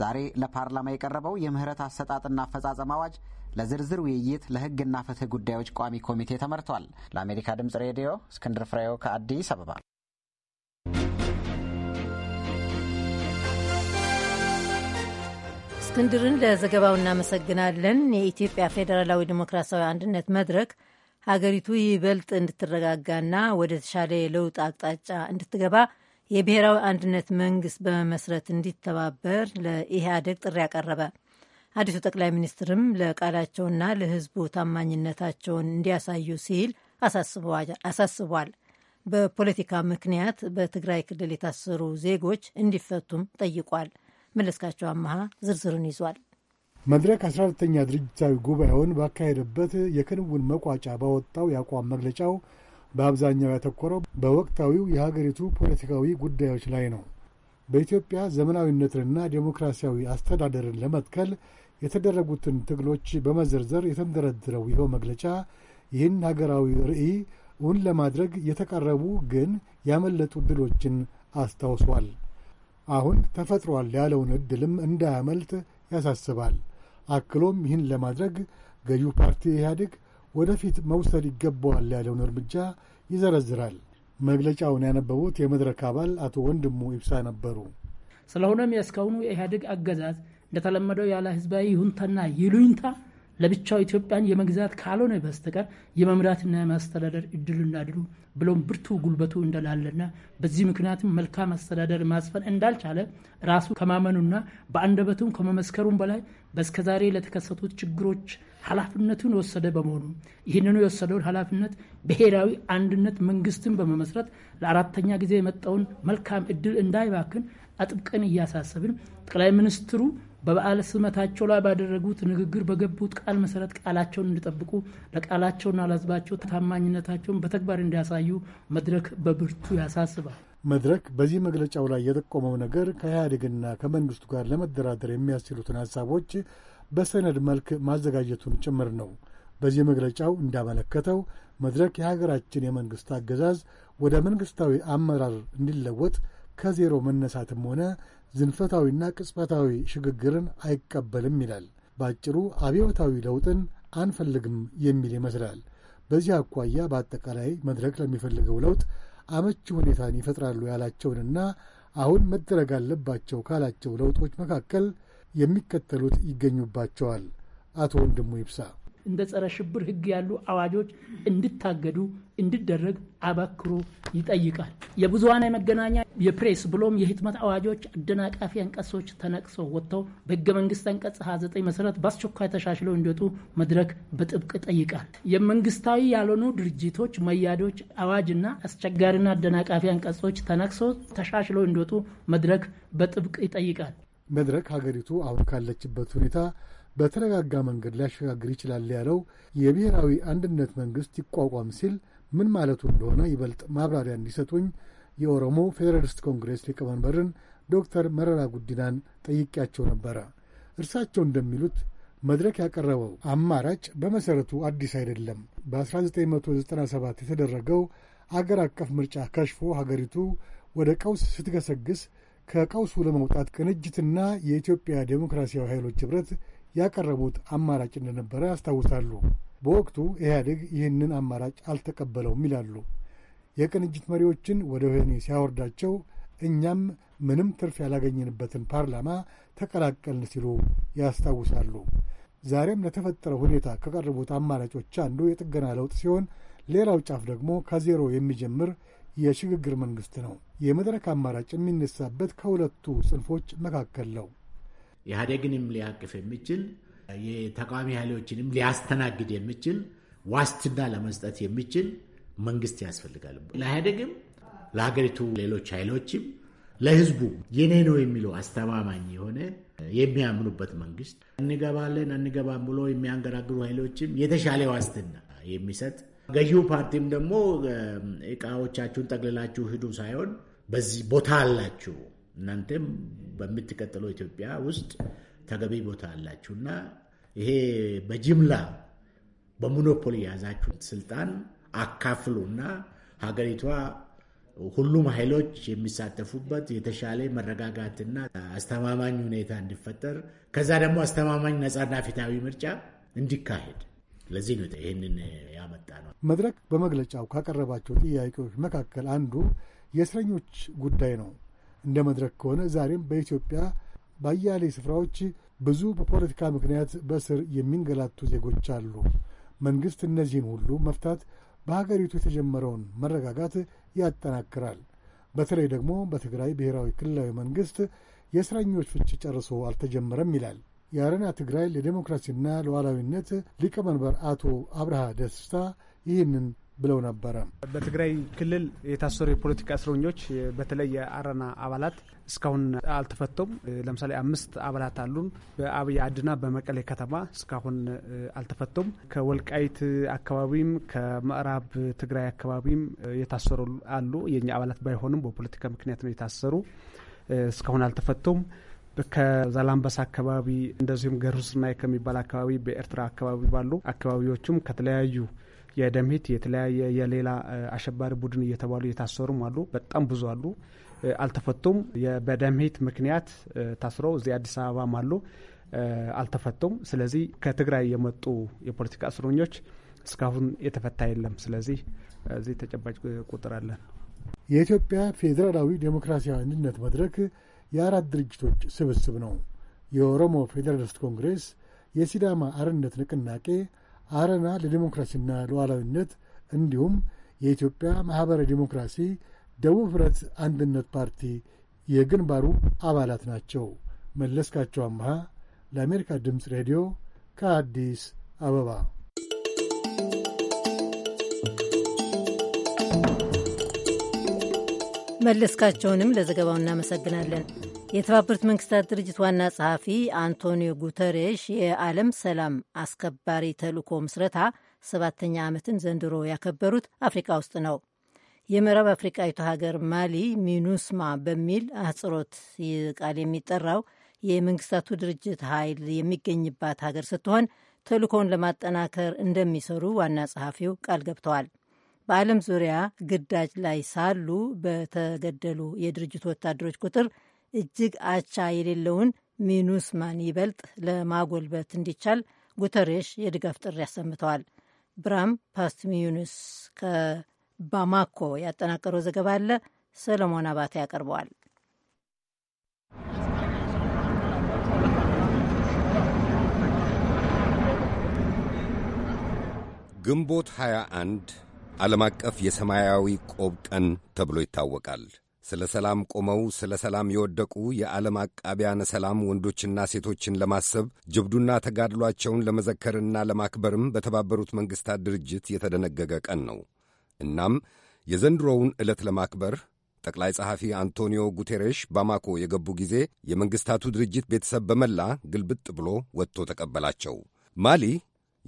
ዛሬ ለፓርላማ የቀረበው የምህረት አሰጣጥና አፈጻጸም አዋጅ ለዝርዝር ውይይት ለሕግና ፍትህ ጉዳዮች ቋሚ ኮሚቴ ተመርቷል። ለአሜሪካ ድምጽ ሬዲዮ እስክንድር ፍሬው ከአዲስ አበባ እስክንድርን ለዘገባው እናመሰግናለን። የኢትዮጵያ ፌዴራላዊ ዴሞክራሲያዊ አንድነት መድረክ ሀገሪቱ ይበልጥ እንድትረጋጋና ወደ ተሻለ የለውጥ አቅጣጫ እንድትገባ የብሔራዊ አንድነት መንግስት በመመስረት እንዲተባበር ለኢህአዴግ ጥሪ ያቀረበ አዲሱ ጠቅላይ ሚኒስትርም ለቃላቸውና ለህዝቡ ታማኝነታቸውን እንዲያሳዩ ሲል አሳስቧል። በፖለቲካ ምክንያት በትግራይ ክልል የታሰሩ ዜጎች እንዲፈቱም ጠይቋል። መለስካቸው አመሃ ዝርዝሩን ይዟል። መድረክ 12 ተኛ ድርጅታዊ ጉባኤውን ባካሄደበት የክንውን መቋጫ ባወጣው የአቋም መግለጫው በአብዛኛው ያተኮረው በወቅታዊው የሀገሪቱ ፖለቲካዊ ጉዳዮች ላይ ነው። በኢትዮጵያ ዘመናዊነትንና ዴሞክራሲያዊ አስተዳደርን ለመትከል የተደረጉትን ትግሎች በመዘርዘር የተንደረደረው ይኸው መግለጫ ይህን ሀገራዊ ራዕይ እውን ለማድረግ የተቀረቡ ግን ያመለጡ ድሎችን አስታውሷል። አሁን ተፈጥሯል ያለውን ዕድልም እንዳያመልጥ ያሳስባል። አክሎም ይህን ለማድረግ ገዢው ፓርቲ ኢህአዴግ ወደፊት መውሰድ ይገባዋል ያለውን እርምጃ ይዘረዝራል። መግለጫውን ያነበቡት የመድረክ አባል አቶ ወንድሙ ኢብሳ ነበሩ። ስለሆነም የእስካሁኑ የኢህአዴግ አገዛዝ እንደተለመደው ያለ ህዝባዊ ይሁንታና ይሉኝታ ለብቻው ኢትዮጵያን የመግዛት ካልሆነ በስተቀር የመምራትና የማስተዳደር እድልና ድሉ ብሎም ብርቱ ጉልበቱ እንደላለና በዚህ ምክንያትም መልካም አስተዳደር ማስፈን እንዳልቻለ ራሱ ከማመኑና በአንደበቱም ከመመስከሩም በላይ በስከዛሬ ለተከሰቱት ችግሮች ኃላፊነቱን የወሰደ በመሆኑ ይህንኑ የወሰደውን ኃላፊነት ብሔራዊ አንድነት መንግስትን በመመስረት ለአራተኛ ጊዜ የመጣውን መልካም እድል እንዳይባክን አጥብቀን እያሳሰብን ጠቅላይ ሚኒስትሩ በበዓለ ስመታቸው ላይ ባደረጉት ንግግር በገቡት ቃል መሰረት ቃላቸውን እንዲጠብቁ ለቃላቸውና ለሕዝባቸው ታማኝነታቸውን በተግባር እንዲያሳዩ መድረክ በብርቱ ያሳስባል። መድረክ በዚህ መግለጫው ላይ የጠቆመው ነገር ከኢህአዴግና ከመንግስቱ ጋር ለመደራደር የሚያስችሉትን ሀሳቦች በሰነድ መልክ ማዘጋጀቱን ጭምር ነው። በዚህ መግለጫው እንዳመለከተው መድረክ የሀገራችን የመንግስት አገዛዝ ወደ መንግስታዊ አመራር እንዲለወጥ ከዜሮ መነሳትም ሆነ ዝንፈታዊና ቅጽበታዊ ሽግግርን አይቀበልም ይላል። በአጭሩ አብዮታዊ ለውጥን አንፈልግም የሚል ይመስላል። በዚህ አኳያ በአጠቃላይ መድረክ ለሚፈልገው ለውጥ አመቺ ሁኔታን ይፈጥራሉ ያላቸውንና አሁን መደረግ አለባቸው ካላቸው ለውጦች መካከል የሚከተሉት ይገኙባቸዋል። አቶ ወንድሙ ይብሳ እንደ ጸረ ሽብር ህግ ያሉ አዋጆች እንዲታገዱ እንዲደረግ አበክሮ ይጠይቃል። የብዙሃን የመገናኛ የፕሬስ ብሎም የህትመት አዋጆች አደናቃፊ አንቀጾች ተነቅሰው ወጥተው በህገ መንግስት አንቀጽ 29 መሰረት በአስቸኳይ ተሻሽለው እንዲወጡ መድረክ በጥብቅ ይጠይቃል። የመንግስታዊ ያልሆኑ ድርጅቶች መያዶች አዋጅና አስቸጋሪና አደናቃፊ አንቀጾች ተነቅሰው ተሻሽለው እንዲወጡ መድረክ በጥብቅ ይጠይቃል። መድረክ ሀገሪቱ አሁን ካለችበት ሁኔታ በተረጋጋ መንገድ ሊያሸጋግር ይችላል ያለው የብሔራዊ አንድነት መንግሥት ይቋቋም ሲል ምን ማለቱ እንደሆነ ይበልጥ ማብራሪያ እንዲሰጡኝ የኦሮሞ ፌዴራሊስት ኮንግሬስ ሊቀመንበርን ዶክተር መረራ ጉዲናን ጠይቄያቸው ነበረ። እርሳቸው እንደሚሉት መድረክ ያቀረበው አማራጭ በመሠረቱ አዲስ አይደለም። በ1997 የተደረገው አገር አቀፍ ምርጫ ከሽፎ ሀገሪቱ ወደ ቀውስ ስትገሰግስ ከቀውሱ ለመውጣት ቅንጅትና የኢትዮጵያ ዴሞክራሲያዊ ኃይሎች ኅብረት ያቀረቡት አማራጭ እንደነበረ ያስታውሳሉ። በወቅቱ ኢህአዴግ ይህንን አማራጭ አልተቀበለውም ይላሉ። የቅንጅት መሪዎችን ወደ ወህኒ ሲያወርዳቸው እኛም ምንም ትርፍ ያላገኘንበትን ፓርላማ ተቀላቀልን ሲሉ ያስታውሳሉ። ዛሬም ለተፈጠረው ሁኔታ ከቀረቡት አማራጮች አንዱ የጥገና ለውጥ ሲሆን፣ ሌላው ጫፍ ደግሞ ከዜሮ የሚጀምር የሽግግር መንግስት ነው። የመድረክ አማራጭ የሚነሳበት ከሁለቱ ጽንፎች መካከል ነው። ኢህአዴግንም ሊያቅፍ የሚችል የተቃዋሚ ኃይሎችንም ሊያስተናግድ የሚችል ዋስትና ለመስጠት የሚችል መንግስት ያስፈልጋል። ለኢህአዴግም፣ ለሀገሪቱ ሌሎች ኃይሎችም፣ ለህዝቡ የኔ ነው የሚለው አስተማማኝ የሆነ የሚያምኑበት መንግስት እንገባለን እንገባም ብሎ የሚያንገራግሩ ኃይሎችም የተሻለ ዋስትና የሚሰጥ ገዢው ፓርቲም ደግሞ እቃዎቻችሁን ጠቅልላችሁ ሂዱ ሳይሆን በዚህ ቦታ አላችሁ እናንተም በምትቀጥለው ኢትዮጵያ ውስጥ ተገቢ ቦታ አላችሁ እና ይሄ በጅምላ በሞኖፖሊ የያዛችሁ ስልጣን አካፍሉና ሀገሪቷ ሁሉም ኃይሎች የሚሳተፉበት የተሻለ መረጋጋትና አስተማማኝ ሁኔታ እንዲፈጠር ከዛ ደግሞ አስተማማኝ ነጻና ፊታዊ ምርጫ እንዲካሄድ ለዚህ ነው ይህንን ያመጣ ነው። መድረክ በመግለጫው ካቀረባቸው ጥያቄዎች መካከል አንዱ የእስረኞች ጉዳይ ነው። እንደ መድረክ ከሆነ ዛሬም በኢትዮጵያ በአያሌ ስፍራዎች ብዙ በፖለቲካ ምክንያት በእስር የሚንገላቱ ዜጎች አሉ። መንግሥት እነዚህን ሁሉ መፍታት በሀገሪቱ የተጀመረውን መረጋጋት ያጠናክራል። በተለይ ደግሞ በትግራይ ብሔራዊ ክልላዊ መንግሥት የእስረኞች ፍች ጨርሶ አልተጀመረም ይላል የአረና ትግራይ ለዴሞክራሲና ለሉዓላዊነት ሊቀመንበር አቶ አብርሃ ደስታ ይህንን ብለው ነበረ። በትግራይ ክልል የታሰሩ የፖለቲካ እስረኞች በተለይ የአረና አባላት እስካሁን አልተፈቱም። ለምሳሌ አምስት አባላት አሉን በአብይ አድና በመቀሌ ከተማ እስካሁን አልተፈቱም። ከወልቃይት አካባቢም ከምዕራብ ትግራይ አካባቢም የታሰሩ አሉ። የኛ አባላት ባይሆንም በፖለቲካ ምክንያት ነው የታሰሩ፣ እስካሁን አልተፈቱም። ከዛላምበሳ አካባቢ እንደዚሁም ገሩስናይ ከሚባል አካባቢ በኤርትራ አካባቢ ባሉ አካባቢዎችም ከተለያዩ የደምሂት የተለያየ የሌላ አሸባሪ ቡድን እየተባሉ እየታሰሩም አሉ። በጣም ብዙ አሉ፣ አልተፈቱም። በደምሂት ምክንያት ታስረው እዚህ አዲስ አበባም አሉ፣ አልተፈቱም። ስለዚህ ከትግራይ የመጡ የፖለቲካ እስረኞች እስካሁን የተፈታ የለም። ስለዚህ እዚህ ተጨባጭ ቁጥር አለን። የኢትዮጵያ ፌዴራላዊ ዴሞክራሲያዊ አንድነት መድረክ የአራት ድርጅቶች ስብስብ ነው። የኦሮሞ ፌዴራሊስት ኮንግሬስ፣ የሲዳማ አርነት ንቅናቄ አረና ለዲሞክራሲና ለዋላዊነት እንዲሁም የኢትዮጵያ ማኅበረ ዲሞክራሲ ደቡብ ኅብረት አንድነት ፓርቲ የግንባሩ አባላት ናቸው። መለስካቸው አምሃ ለአሜሪካ ድምፅ ሬዲዮ ከአዲስ አበባ። መለስካቸውንም ለዘገባው እናመሰግናለን። የተባበሩት መንግስታት ድርጅት ዋና ጸሐፊ አንቶኒዮ ጉተሬሽ የዓለም ሰላም አስከባሪ ተልእኮ ምስረታ ሰባተኛ ዓመትን ዘንድሮ ያከበሩት አፍሪካ ውስጥ ነው። የምዕራብ አፍሪቃዊቱ ሀገር ማሊ ሚኑስማ በሚል አህጽሮት ቃል የሚጠራው የመንግስታቱ ድርጅት ኃይል የሚገኝባት ሀገር ስትሆን ተልእኮውን ለማጠናከር እንደሚሰሩ ዋና ጸሐፊው ቃል ገብተዋል። በዓለም ዙሪያ ግዳጅ ላይ ሳሉ በተገደሉ የድርጅቱ ወታደሮች ቁጥር እጅግ አቻ የሌለውን ሚኑስማን ይበልጥ ለማጎልበት እንዲቻል ጉተሬሽ የድጋፍ ጥሪ አሰምተዋል። ብራም ፓስት ሚዩንስ ከባማኮ ያጠናቀረው ዘገባ አለ። ሰለሞን አባተ ያቀርበዋል። ግንቦት 21 ዓለም አቀፍ የሰማያዊ ቆብ ቀን ተብሎ ይታወቃል። ስለ ሰላም ቆመው ስለ ሰላም የወደቁ የዓለም አቃቢያነ ሰላም ወንዶችና ሴቶችን ለማሰብ ጀብዱና ተጋድሏቸውን ለመዘከርና ለማክበርም በተባበሩት መንግሥታት ድርጅት የተደነገገ ቀን ነው። እናም የዘንድሮውን ዕለት ለማክበር ጠቅላይ ጸሐፊ አንቶኒዮ ጉቴሬሽ ባማኮ የገቡ ጊዜ የመንግሥታቱ ድርጅት ቤተሰብ በመላ ግልብጥ ብሎ ወጥቶ ተቀበላቸው። ማሊ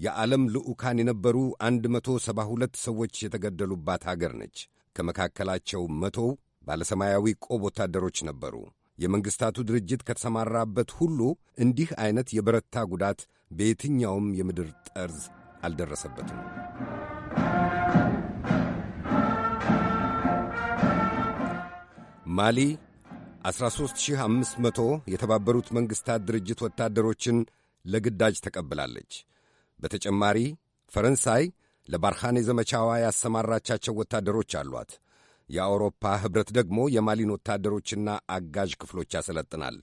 የዓለም ልዑካን የነበሩ 172 ሰዎች የተገደሉባት አገር ነች። ከመካከላቸው መቶው ባለሰማያዊ ቆብ ወታደሮች ነበሩ። የመንግሥታቱ ድርጅት ከተሰማራበት ሁሉ እንዲህ ዐይነት የበረታ ጉዳት በየትኛውም የምድር ጠርዝ አልደረሰበትም። ማሊ 13500 የተባበሩት መንግሥታት ድርጅት ወታደሮችን ለግዳጅ ተቀብላለች። በተጨማሪ ፈረንሳይ ለባርኻኔ ዘመቻዋ ያሰማራቻቸው ወታደሮች አሏት። የአውሮፓ ኅብረት ደግሞ የማሊን ወታደሮችና አጋዥ ክፍሎች ያሰለጥናል።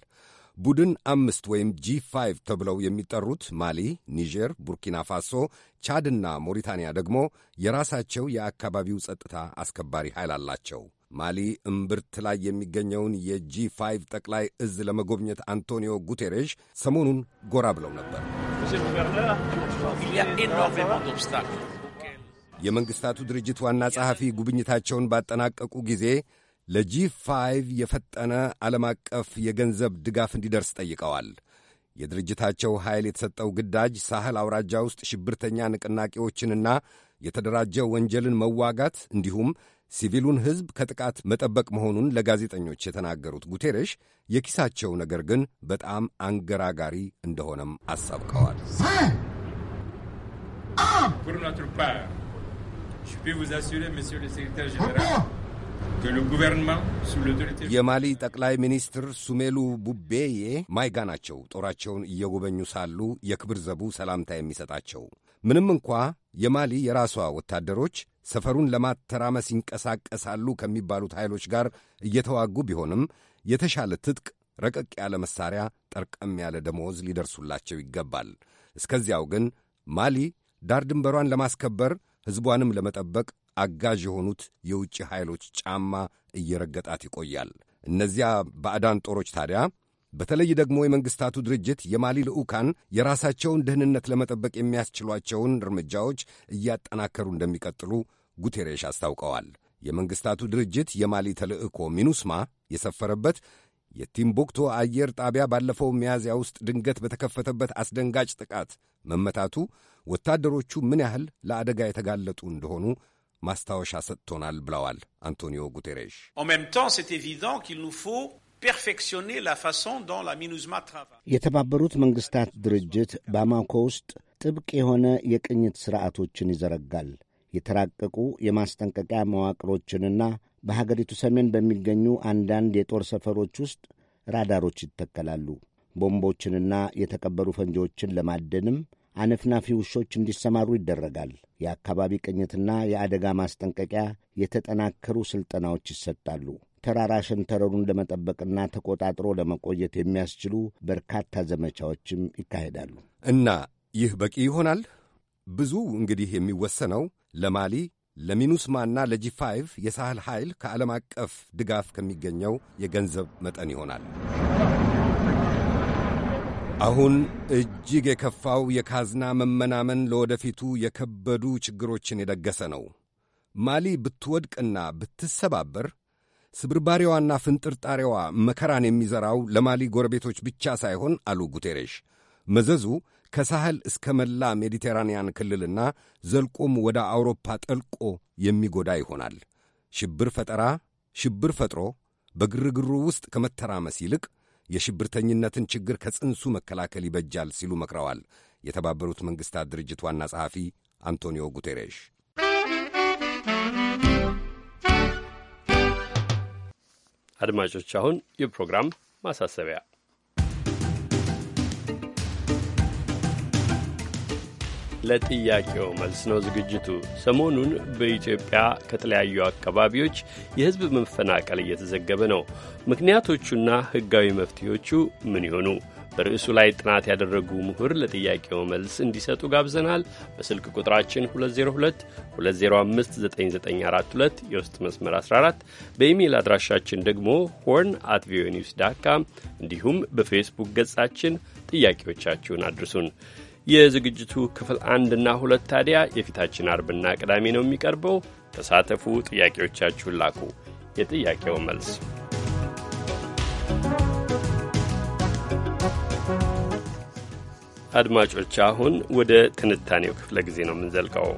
ቡድን አምስት ወይም ጂ ፋይቭ ተብለው የሚጠሩት ማሊ፣ ኒጀር፣ ቡርኪና ፋሶ፣ ቻድና ሞሪታንያ ደግሞ የራሳቸው የአካባቢው ጸጥታ አስከባሪ ኃይል አላቸው። ማሊ እምብርት ላይ የሚገኘውን የጂ ፋይቭ ጠቅላይ እዝ ለመጎብኘት አንቶኒዮ ጉቴሬሽ ሰሞኑን ጎራ ብለው ነበር። የመንግሥታቱ ድርጅት ዋና ጸሐፊ ጉብኝታቸውን ባጠናቀቁ ጊዜ ለጂ ፋይቭ የፈጠነ ዓለም አቀፍ የገንዘብ ድጋፍ እንዲደርስ ጠይቀዋል። የድርጅታቸው ኃይል የተሰጠው ግዳጅ ሳህል አውራጃ ውስጥ ሽብርተኛ ንቅናቄዎችንና የተደራጀ ወንጀልን መዋጋት እንዲሁም ሲቪሉን ሕዝብ ከጥቃት መጠበቅ መሆኑን ለጋዜጠኞች የተናገሩት ጉቴሬሽ የኪሳቸው ነገር ግን በጣም አንገራጋሪ እንደሆነም አሳብቀዋል። Je peux vous assurer, monsieur le secrétaire général, que le gouvernement, sous l'autorité... የማሊ ጠቅላይ ሚኒስትር ሱሜሉ ቡቤዬ ማይጋ ናቸው። ጦራቸውን እየጎበኙ ሳሉ የክብር ዘቡ ሰላምታ የሚሰጣቸው ምንም እንኳ የማሊ የራሷ ወታደሮች ሰፈሩን ለማተራመስ ይንቀሳቀሳሉ ከሚባሉት ኃይሎች ጋር እየተዋጉ ቢሆንም የተሻለ ትጥቅ፣ ረቀቅ ያለ መሳሪያ፣ ጠርቀም ያለ ደመወዝ ሊደርሱላቸው ይገባል። እስከዚያው ግን ማሊ ዳር ድንበሯን ለማስከበር ሕዝቧንም ለመጠበቅ አጋዥ የሆኑት የውጭ ኃይሎች ጫማ እየረገጣት ይቆያል። እነዚያ ባዕዳን ጦሮች ታዲያ በተለይ ደግሞ የመንግሥታቱ ድርጅት የማሊ ልዑካን የራሳቸውን ደህንነት ለመጠበቅ የሚያስችሏቸውን እርምጃዎች እያጠናከሩ እንደሚቀጥሉ ጉቴሬሽ አስታውቀዋል። የመንግሥታቱ ድርጅት የማሊ ተልዕኮ ሚኑስማ የሰፈረበት የቲምቡክቱ አየር ጣቢያ ባለፈው ሚያዝያ ውስጥ ድንገት በተከፈተበት አስደንጋጭ ጥቃት መመታቱ ወታደሮቹ ምን ያህል ለአደጋ የተጋለጡ እንደሆኑ ማስታወሻ ሰጥቶናል ብለዋል አንቶኒዮ ጉቴሬሽ። የተባበሩት መንግሥታት ድርጅት ባማኮ ውስጥ ጥብቅ የሆነ የቅኝት ሥርዓቶችን ይዘረጋል። የተራቀቁ የማስጠንቀቂያ መዋቅሮችንና በሀገሪቱ ሰሜን በሚገኙ አንዳንድ የጦር ሰፈሮች ውስጥ ራዳሮች ይተከላሉ። ቦምቦችንና የተቀበሩ ፈንጂዎችን ለማደንም አነፍናፊ ውሾች እንዲሰማሩ ይደረጋል። የአካባቢ ቅኝትና የአደጋ ማስጠንቀቂያ የተጠናከሩ ሥልጠናዎች ይሰጣሉ። ተራራ ሸንተረሩን ለመጠበቅና ተቆጣጥሮ ለመቆየት የሚያስችሉ በርካታ ዘመቻዎችም ይካሄዳሉ። እና ይህ በቂ ይሆናል። ብዙ እንግዲህ የሚወሰነው ለማሊ ለሚኑስማና ለጂ5 የሳህል ኃይል ከዓለም አቀፍ ድጋፍ ከሚገኘው የገንዘብ መጠን ይሆናል። አሁን እጅግ የከፋው የካዝና መመናመን ለወደፊቱ የከበዱ ችግሮችን የደገሰ ነው። ማሊ ብትወድቅና ብትሰባበር ስብርባሪዋና ፍንጥርጣሪዋ መከራን የሚዘራው ለማሊ ጎረቤቶች ብቻ ሳይሆን አሉ ጉቴሬሽ መዘዙ ከሳህል እስከ መላ ሜዲቴራንያን ክልልና ዘልቆም ወደ አውሮፓ ጠልቆ የሚጎዳ ይሆናል። ሽብር ፈጠራ ሽብር ፈጥሮ በግርግሩ ውስጥ ከመተራመስ ይልቅ የሽብርተኝነትን ችግር ከጽንሱ መከላከል ይበጃል ሲሉ መክረዋል የተባበሩት መንግሥታት ድርጅት ዋና ጸሐፊ አንቶኒዮ ጉቴሬሽ። አድማጮች፣ አሁን የፕሮግራም ማሳሰቢያ ለጥያቄው መልስ ነው ዝግጅቱ። ሰሞኑን በኢትዮጵያ ከተለያዩ አካባቢዎች የህዝብ መፈናቀል እየተዘገበ ነው። ምክንያቶቹና ህጋዊ መፍትሄዎቹ ምን ይሆኑ? በርዕሱ ላይ ጥናት ያደረጉ ምሁር ለጥያቄው መልስ እንዲሰጡ ጋብዘናል። በስልክ ቁጥራችን 2022059942 የውስጥ መስመር 14 በኢሜይል አድራሻችን ደግሞ ሆርን አት ቪኦኤ ኒውስ ዳት ካም እንዲሁም በፌስቡክ ገጻችን ጥያቄዎቻችሁን አድርሱን። የዝግጅቱ ክፍል አንድና ሁለት ታዲያ የፊታችን አርብና ቅዳሜ ነው የሚቀርበው። ተሳተፉ፣ ጥያቄዎቻችሁን ላኩ። የጥያቄው መልስ አድማጮች፣ አሁን ወደ ትንታኔው ክፍለ ጊዜ ነው የምንዘልቀው።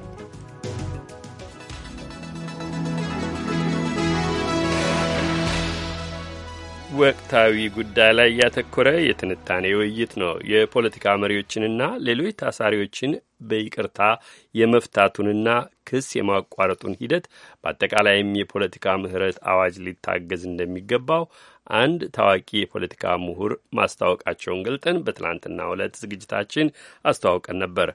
ወቅታዊ ጉዳይ ላይ ያተኮረ የትንታኔ ውይይት ነው። የፖለቲካ መሪዎችንና ሌሎች ታሳሪዎችን በይቅርታ የመፍታቱንና ክስ የማቋረጡን ሂደት በአጠቃላይም የፖለቲካ ምህረት አዋጅ ሊታገዝ እንደሚገባው አንድ ታዋቂ የፖለቲካ ምሁር ማስታወቃቸውን ገልጠን በትናንትናው ዕለት ዝግጅታችን አስተዋውቀን ነበር።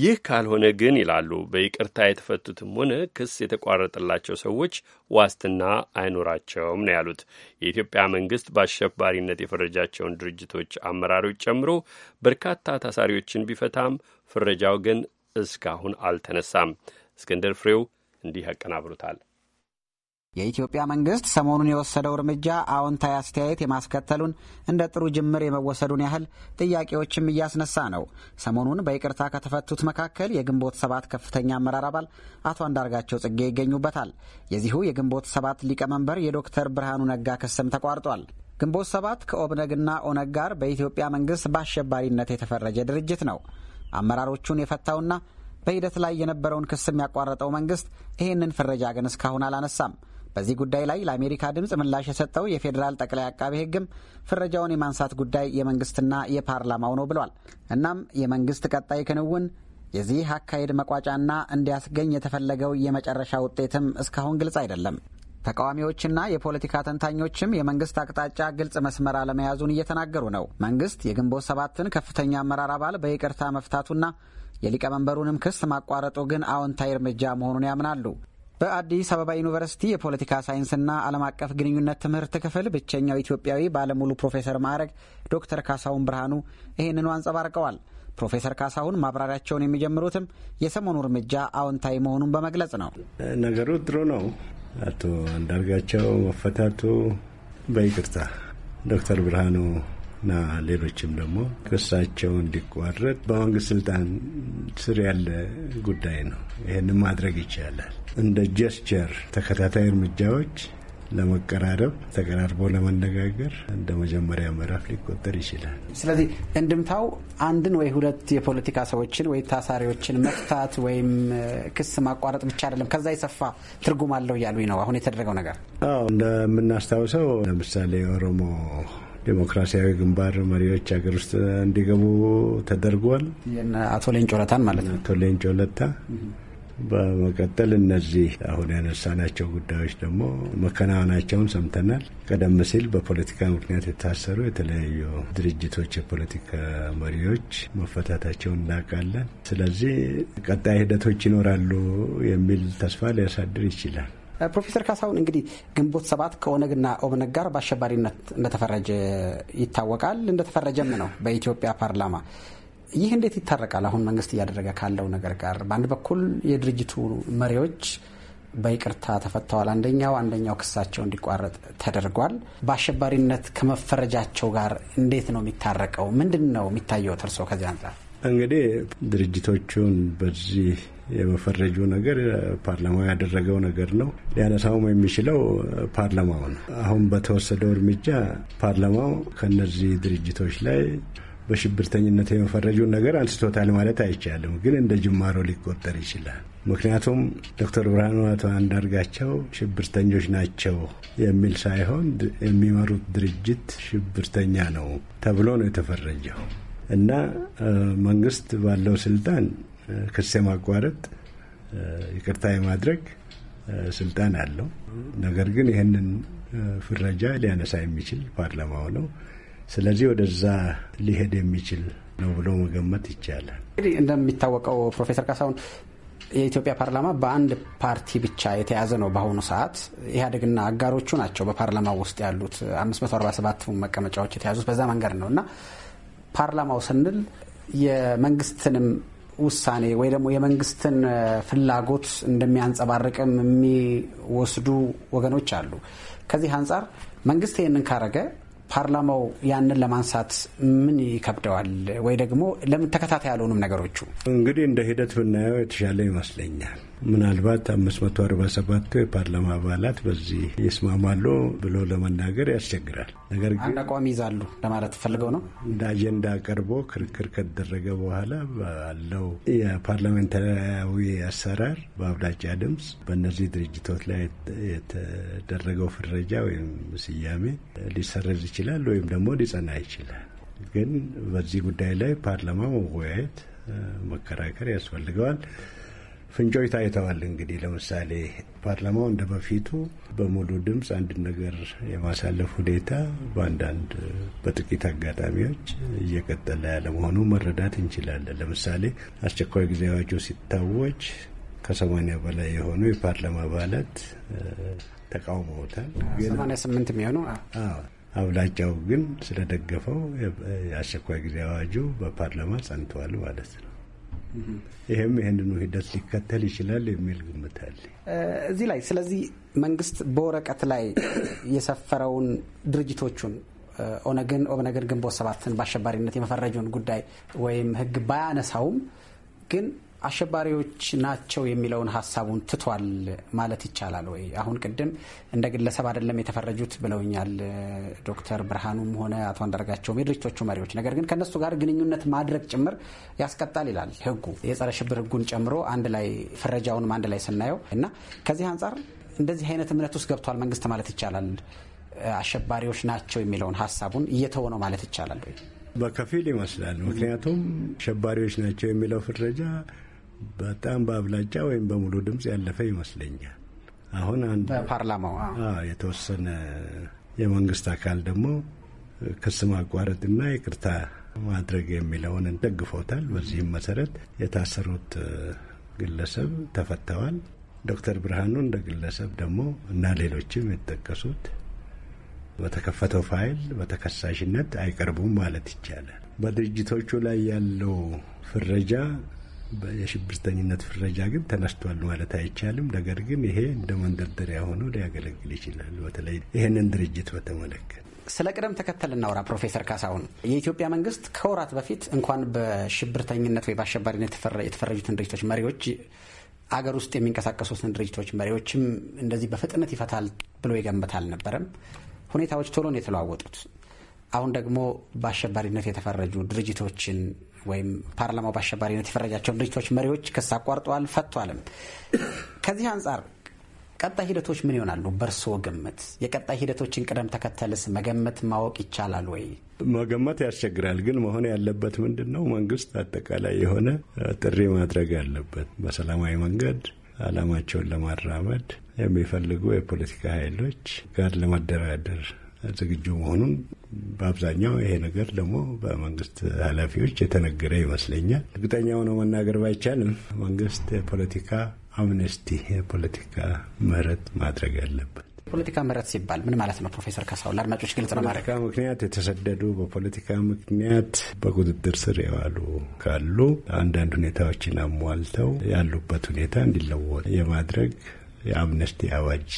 ይህ ካልሆነ ግን ይላሉ በይቅርታ የተፈቱትም ሆነ ክስ የተቋረጠላቸው ሰዎች ዋስትና አይኖራቸውም ነው ያሉት። የኢትዮጵያ መንግስት በአሸባሪነት የፈረጃቸውን ድርጅቶች አመራሮች ጨምሮ በርካታ ታሳሪዎችን ቢፈታም ፍረጃው ግን እስካሁን አልተነሳም። እስክንድር ፍሬው እንዲህ ያቀናብሩታል። የኢትዮጵያ መንግስት ሰሞኑን የወሰደው እርምጃ አዎንታዊ አስተያየት የማስከተሉን እንደ ጥሩ ጅምር የመወሰዱን ያህል ጥያቄዎችም እያስነሳ ነው። ሰሞኑን በይቅርታ ከተፈቱት መካከል የግንቦት ሰባት ከፍተኛ አመራር አባል አቶ አንዳርጋቸው ጽጌ ይገኙበታል። የዚሁ የግንቦት ሰባት ሊቀመንበር የዶክተር ብርሃኑ ነጋ ክስም ተቋርጧል። ግንቦት ሰባት ከኦብነግና ኦነግ ጋር በኢትዮጵያ መንግስት በአሸባሪነት የተፈረጀ ድርጅት ነው። አመራሮቹን የፈታውና በሂደት ላይ የነበረውን ክስም ያቋረጠው መንግስት ይህንን ፍረጃ ግን እስካሁን አላነሳም። በዚህ ጉዳይ ላይ ለአሜሪካ ድምፅ ምላሽ የሰጠው የፌዴራል ጠቅላይ አቃቤ ሕግም ፍረጃውን የማንሳት ጉዳይ የመንግስትና የፓርላማው ነው ብሏል። እናም የመንግስት ቀጣይ ክንውን የዚህ አካሄድ መቋጫና እንዲያስገኝ የተፈለገው የመጨረሻ ውጤትም እስካሁን ግልጽ አይደለም። ተቃዋሚዎችና የፖለቲካ ተንታኞችም የመንግስት አቅጣጫ ግልጽ መስመር አለመያዙን እየተናገሩ ነው። መንግስት የግንቦት ሰባትን ከፍተኛ አመራር አባል በይቅርታ መፍታቱና የሊቀመንበሩንም ክስ ማቋረጡ ግን አዎንታዊ እርምጃ መሆኑን ያምናሉ። በአዲስ አበባ ዩኒቨርሲቲ የፖለቲካ ሳይንስና ዓለም አቀፍ ግንኙነት ትምህርት ክፍል ብቸኛው ኢትዮጵያዊ ባለሙሉ ፕሮፌሰር ማዕረግ ዶክተር ካሳሁን ብርሃኑ ይህንኑ አንጸባርቀዋል። ፕሮፌሰር ካሳሁን ማብራሪያቸውን የሚጀምሩትም የሰሞኑ እርምጃ አዎንታዊ መሆኑን በመግለጽ ነው። ነገሩ ጥሩ ነው። አቶ አንዳርጋቸው መፈታቱ በይቅርታ ዶክተር ብርሃኑ እና ሌሎችም ደግሞ ክሳቸው እንዲቋረጥ በመንግስት ስልጣን ስር ያለ ጉዳይ ነው። ይህንን ማድረግ ይቻላል። እንደ ጀስቸር ተከታታይ እርምጃዎች ለመቀራረብ ተቀራርቦ ለመነጋገር እንደ መጀመሪያ ምዕራፍ ሊቆጠር ይችላል። ስለዚህ እንድምታው አንድን ወይ ሁለት የፖለቲካ ሰዎችን ወይ ታሳሪዎችን መፍታት ወይም ክስ ማቋረጥ ብቻ አይደለም፣ ከዛ የሰፋ ትርጉም አለው እያሉኝ ነው። አሁን የተደረገው ነገር አዎ እንደምናስታውሰው ለምሳሌ የኦሮሞ ዴሞክራሲያዊ ግንባር መሪዎች ሀገር ውስጥ እንዲገቡ ተደርጓል። አቶ ሌንጮ ለታን ማለት ነው። አቶ ሌንጮ ለታ በመቀጠል እነዚህ አሁን ያነሳናቸው ጉዳዮች ደግሞ መከናወናቸውን ሰምተናል። ቀደም ሲል በፖለቲካ ምክንያት የታሰሩ የተለያዩ ድርጅቶች የፖለቲካ መሪዎች መፈታታቸውን እናውቃለን። ስለዚህ ቀጣይ ሂደቶች ይኖራሉ የሚል ተስፋ ሊያሳድር ይችላል። ፕሮፌሰር ካሳሁን እንግዲህ ግንቦት ሰባት ከኦነግና ኦብነግ ጋር በአሸባሪነት እንደተፈረጀ ይታወቃል። እንደተፈረጀም ነው በኢትዮጵያ ፓርላማ። ይህ እንዴት ይታረቃል? አሁን መንግስት እያደረገ ካለው ነገር ጋር በአንድ በኩል የድርጅቱ መሪዎች በይቅርታ ተፈተዋል። አንደኛው አንደኛው ክሳቸው እንዲቋረጥ ተደርጓል። በአሸባሪነት ከመፈረጃቸው ጋር እንዴት ነው የሚታረቀው? ምንድን ነው የሚታየው ተርሶ ከዚህ አንጻር? እንግዲህ ድርጅቶቹን በዚህ የመፈረጁ ነገር ፓርላማው ያደረገው ነገር ነው። ሊያነሳውም የሚችለው ፓርላማው ነው። አሁን በተወሰደው እርምጃ ፓርላማው ከእነዚህ ድርጅቶች ላይ በሽብርተኝነት የመፈረጁን ነገር አንስቶታል ማለት አይቻልም፣ ግን እንደ ጅማሮ ሊቆጠር ይችላል። ምክንያቱም ዶክተር ብርሃኑ አቶ አንዳርጋቸው ሽብርተኞች ናቸው የሚል ሳይሆን የሚመሩት ድርጅት ሽብርተኛ ነው ተብሎ ነው የተፈረጀው እና መንግስት ባለው ስልጣን ክስ የማቋረጥ ይቅርታ የማድረግ ስልጣን አለው። ነገር ግን ይህንን ፍረጃ ሊያነሳ የሚችል ፓርላማው ነው። ስለዚህ ወደዛ ሊሄድ የሚችል ነው ብሎ መገመት ይቻላል። እንግዲህ እንደሚታወቀው ፕሮፌሰር ካሳሁን የኢትዮጵያ ፓርላማ በአንድ ፓርቲ ብቻ የተያዘ ነው። በአሁኑ ሰዓት ኢህአዴግና አጋሮቹ ናቸው በፓርላማው ውስጥ ያሉት 547 መቀመጫዎች የተያዙት በዛ መንገድ ነው እና ፓርላማው ስንል የመንግስትንም ውሳኔ ወይ ደግሞ የመንግስትን ፍላጎት እንደሚያንጸባርቅም የሚወስዱ ወገኖች አሉ። ከዚህ አንጻር መንግስት ይህንን ካረገ ፓርላማው ያንን ለማንሳት ምን ይከብደዋል? ወይ ደግሞ ለምን ተከታታይ ያልሆኑም ነገሮቹ እንግዲህ እንደ ሂደት ብናየው የተሻለ ይመስለኛል። ምናልባት 547ቱ የፓርላማ አባላት በዚህ ይስማማሉ ብሎ ለመናገር ያስቸግራል። ነገር ግን አንድ አቋም ይዛሉ ለማለት ፈልገው ነው። እንደ አጀንዳ ቀርቦ ክርክር ከተደረገ በኋላ ባለው የፓርላሜንታዊ አሰራር በአብላጫ ድምፅ በእነዚህ ድርጅቶች ላይ የተደረገው ፍረጃ ወይም ስያሜ ሊሰረዝ ይችላል ወይም ደግሞ ሊጸና ይችላል። ግን በዚህ ጉዳይ ላይ ፓርላማ መወያየት፣ መከራከር ያስፈልገዋል። ፍንጮች ታይተዋል። እንግዲህ ለምሳሌ ፓርላማው እንደ በፊቱ በሙሉ ድምፅ አንድ ነገር የማሳለፍ ሁኔታ በአንዳንድ በጥቂት አጋጣሚዎች እየቀጠለ ያለመሆኑ መረዳት እንችላለን። ለምሳሌ አስቸኳይ ጊዜ አዋጁ ሲታወጅ ከሰማኒያ በላይ የሆኑ የፓርላማ አባላት ተቃውመውታል። ሰማኒያ ስምንት የሚሆኑ አብላጫው ግን ስለደገፈው የአስቸኳይ ጊዜ አዋጁ በፓርላማ ጸንተዋል ማለት ነው። ይህም ይህንኑ ሂደት ሊከተል ይችላል የሚል ግምት አለ እዚህ ላይ። ስለዚህ መንግስት በወረቀት ላይ የሰፈረውን ድርጅቶቹን ኦነግን፣ ኦብነግን፣ ግንቦት ሰባትን በአሸባሪነት የመፈረጁን ጉዳይ ወይም ህግ ባያነሳውም ግን አሸባሪዎች ናቸው የሚለውን ሀሳቡን ትቷል ማለት ይቻላል ወይ? አሁን ቅድም እንደ ግለሰብ አይደለም የተፈረጁት ብለውኛል ዶክተር ብርሃኑም ሆነ አቶ አንዳርጋቸውም የድርጅቶቹ መሪዎች። ነገር ግን ከእነሱ ጋር ግንኙነት ማድረግ ጭምር ያስቀጣል ይላል ህጉ የጸረ ሽብር ህጉን ጨምሮ አንድ ላይ ፍረጃውንም አንድ ላይ ስናየው እና ከዚህ አንጻር እንደዚህ አይነት እምነት ውስጥ ገብቷል መንግስት ማለት ይቻላል አሸባሪዎች ናቸው የሚለውን ሀሳቡን እየተወ ነው ማለት ይቻላል ወይ? በከፊል ይመስላል። ምክንያቱም አሸባሪዎች ናቸው የሚለው ፍረጃ በጣም በአብላጫ ወይም በሙሉ ድምፅ ያለፈ ይመስለኛል። አሁን አንድ የተወሰነ የመንግስት አካል ደግሞ ክስ ማቋረጥና ይቅርታ ማድረግ የሚለውን ደግፎታል። በዚህም መሰረት የታሰሩት ግለሰብ ተፈተዋል። ዶክተር ብርሃኑ እንደ ግለሰብ ደግሞ እና ሌሎችም የተጠቀሱት በተከፈተው ፋይል በተከሳሽነት አይቀርቡም ማለት ይቻላል። በድርጅቶቹ ላይ ያለው ፍረጃ የሽብርተኝነት ፍረጃ ግን ተነስቷል ማለት አይቻልም። ነገር ግን ይሄ እንደ መንደርደሪያ ሆኖ ሊያገለግል ይችላል። በተለይ ይህንን ድርጅት በተመለከተ ስለ ቅደም ተከተል እናውራ። ፕሮፌሰር ካሳሁን የኢትዮጵያ መንግስት ከወራት በፊት እንኳን በሽብርተኝነት ወይ በአሸባሪነት የተፈረጁትን ድርጅቶች መሪዎች አገር ውስጥ የሚንቀሳቀሱትን ድርጅቶች መሪዎችም እንደዚህ በፍጥነት ይፈታል ብሎ ይገምት አልነበረም። ሁኔታዎች ቶሎ ነው የተለዋወጡት። አሁን ደግሞ በአሸባሪነት የተፈረጁ ድርጅቶችን ወይም ፓርላማው በአሸባሪነት የፈረጃቸውን ድርጅቶች መሪዎች ክስ አቋርጠዋል፣ ፈቷልም። ከዚህ አንጻር ቀጣይ ሂደቶች ምን ይሆናሉ? በእርስዎ ግምት የቀጣይ ሂደቶችን ቅደም ተከተልስ መገመት ማወቅ ይቻላል ወይ? መገመት ያስቸግራል። ግን መሆን ያለበት ምንድን ነው? መንግስት አጠቃላይ የሆነ ጥሪ ማድረግ አለበት በሰላማዊ መንገድ አላማቸውን ለማራመድ የሚፈልጉ የፖለቲካ ኃይሎች ጋር ለመደራደር ዝግጁ መሆኑን በአብዛኛው ይሄ ነገር ደግሞ በመንግስት ኃላፊዎች የተነገረ ይመስለኛል። እርግጠኛ ሆነው መናገር ባይቻልም መንግስት የፖለቲካ አምነስቲ የፖለቲካ ምህረት ማድረግ አለበት። ፖለቲካ ምህረት ሲባል ምን ማለት ነው? ፕሮፌሰር ካሳሁን ለአድማጮች ግልጽ ነው ማለት ምክንያት የተሰደዱ በፖለቲካ ምክንያት በቁጥጥር ስር የዋሉ ካሉ አንዳንድ ሁኔታዎችን አሟልተው ያሉበት ሁኔታ እንዲለወጥ የማድረግ የአምነስቲ አዋጅ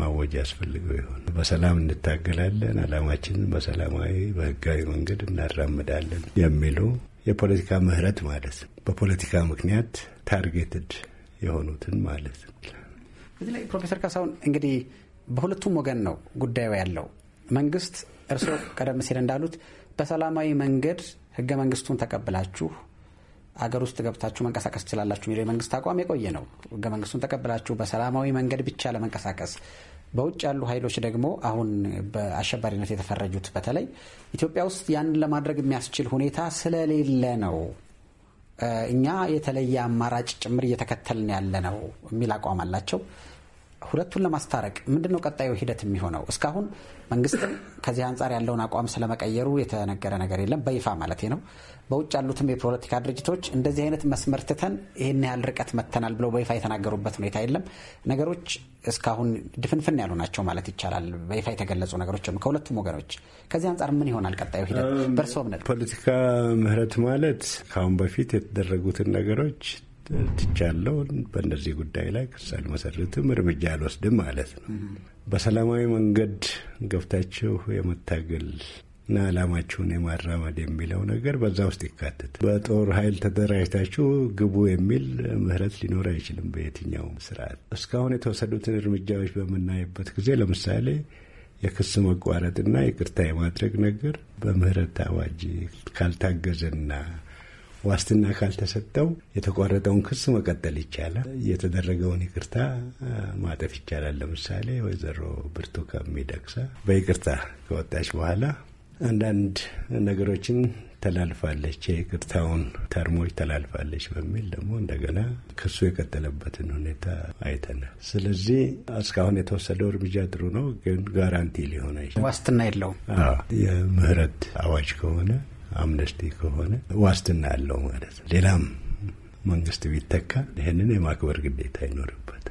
ማወጅ ያስፈልገው ይሆን? በሰላም እንታገላለን፣ አላማችንን በሰላማዊ በህጋዊ መንገድ እናራምዳለን የሚሉ የፖለቲካ ምህረት ማለት በፖለቲካ ምክንያት ታርጌትድ የሆኑትን ማለት ነው። እዚህ ላይ ፕሮፌሰር ካሳሁን እንግዲህ በሁለቱም ወገን ነው ጉዳዩ ያለው። መንግስት፣ እርስዎ ቀደም ሲል እንዳሉት በሰላማዊ መንገድ ህገ መንግስቱን ተቀብላችሁ አገር ውስጥ ገብታችሁ መንቀሳቀስ ትችላላችሁ የሚለው የመንግስት አቋም የቆየ ነው። ህገ መንግስቱን ተቀብላችሁ በሰላማዊ መንገድ ብቻ ለመንቀሳቀስ በውጭ ያሉ ኃይሎች ደግሞ አሁን በአሸባሪነት የተፈረጁት በተለይ ኢትዮጵያ ውስጥ ያንን ለማድረግ የሚያስችል ሁኔታ ስለሌለ ነው እኛ የተለየ አማራጭ ጭምር እየተከተልን ያለ ነው የሚል አቋም አላቸው። ሁለቱን ለማስታረቅ ምንድን ነው ቀጣዩ ሂደት የሚሆነው? እስካሁን መንግስትም ከዚህ አንጻር ያለውን አቋም ስለመቀየሩ የተነገረ ነገር የለም፣ በይፋ ማለት ነው። በውጭ ያሉትም የፖለቲካ ድርጅቶች እንደዚህ አይነት መስመር ትተን ይህን ያህል ርቀት መጥተናል ብለው በይፋ የተናገሩበት ሁኔታ የለም። ነገሮች እስካሁን ድፍንፍን ያሉ ናቸው ማለት ይቻላል። በይፋ የተገለጹ ነገሮችም ከሁለቱም ወገኖች። ከዚህ አንጻር ምን ይሆናል ቀጣዩ ሂደት በእርስዎ እምነት? ፖለቲካ ምህረት ማለት ከአሁን በፊት የተደረጉትን ነገሮች ትቻለው፣ በእነዚህ ጉዳይ ላይ ክስ አልመሰርትም፣ እርምጃ አልወስድም ማለት ነው። በሰላማዊ መንገድ ገብታችሁ የመታገል እና ዓላማችሁን የማራመድ የሚለው ነገር በዛ ውስጥ ይካተት በጦር ኃይል ተደራጅታችሁ ግቡ የሚል ምህረት ሊኖር አይችልም በየትኛውም ስርዓት። እስካሁን የተወሰዱትን እርምጃዎች በምናይበት ጊዜ ለምሳሌ የክስ መቋረጥና ይቅርታ የማድረግ ነገር በምህረት አዋጅ ካልታገዘና ዋስትና ካልተሰጠው የተቋረጠውን ክስ መቀጠል ይቻላል። የተደረገውን ይቅርታ ማጠፍ ይቻላል። ለምሳሌ ወይዘሮ ብርቱካን ሚደቅሳ በይቅርታ ከወጣች በኋላ አንዳንድ ነገሮችን ተላልፋለች የቅርታውን ተርሞች ተላልፋለች በሚል ደግሞ እንደገና ክሱ የቀጠለበትን ሁኔታ አይተናል። ስለዚህ እስካሁን የተወሰደው እርምጃ ጥሩ ነው፣ ግን ጋራንቲ ሊሆን አይችልም፣ ዋስትና የለውም። የምህረት አዋጅ ከሆነ አምነስቲ ከሆነ ዋስትና ያለው ማለት ነው። ሌላም መንግስት ቢተካ ይህንን የማክበር ግዴታ ይኖርበታል።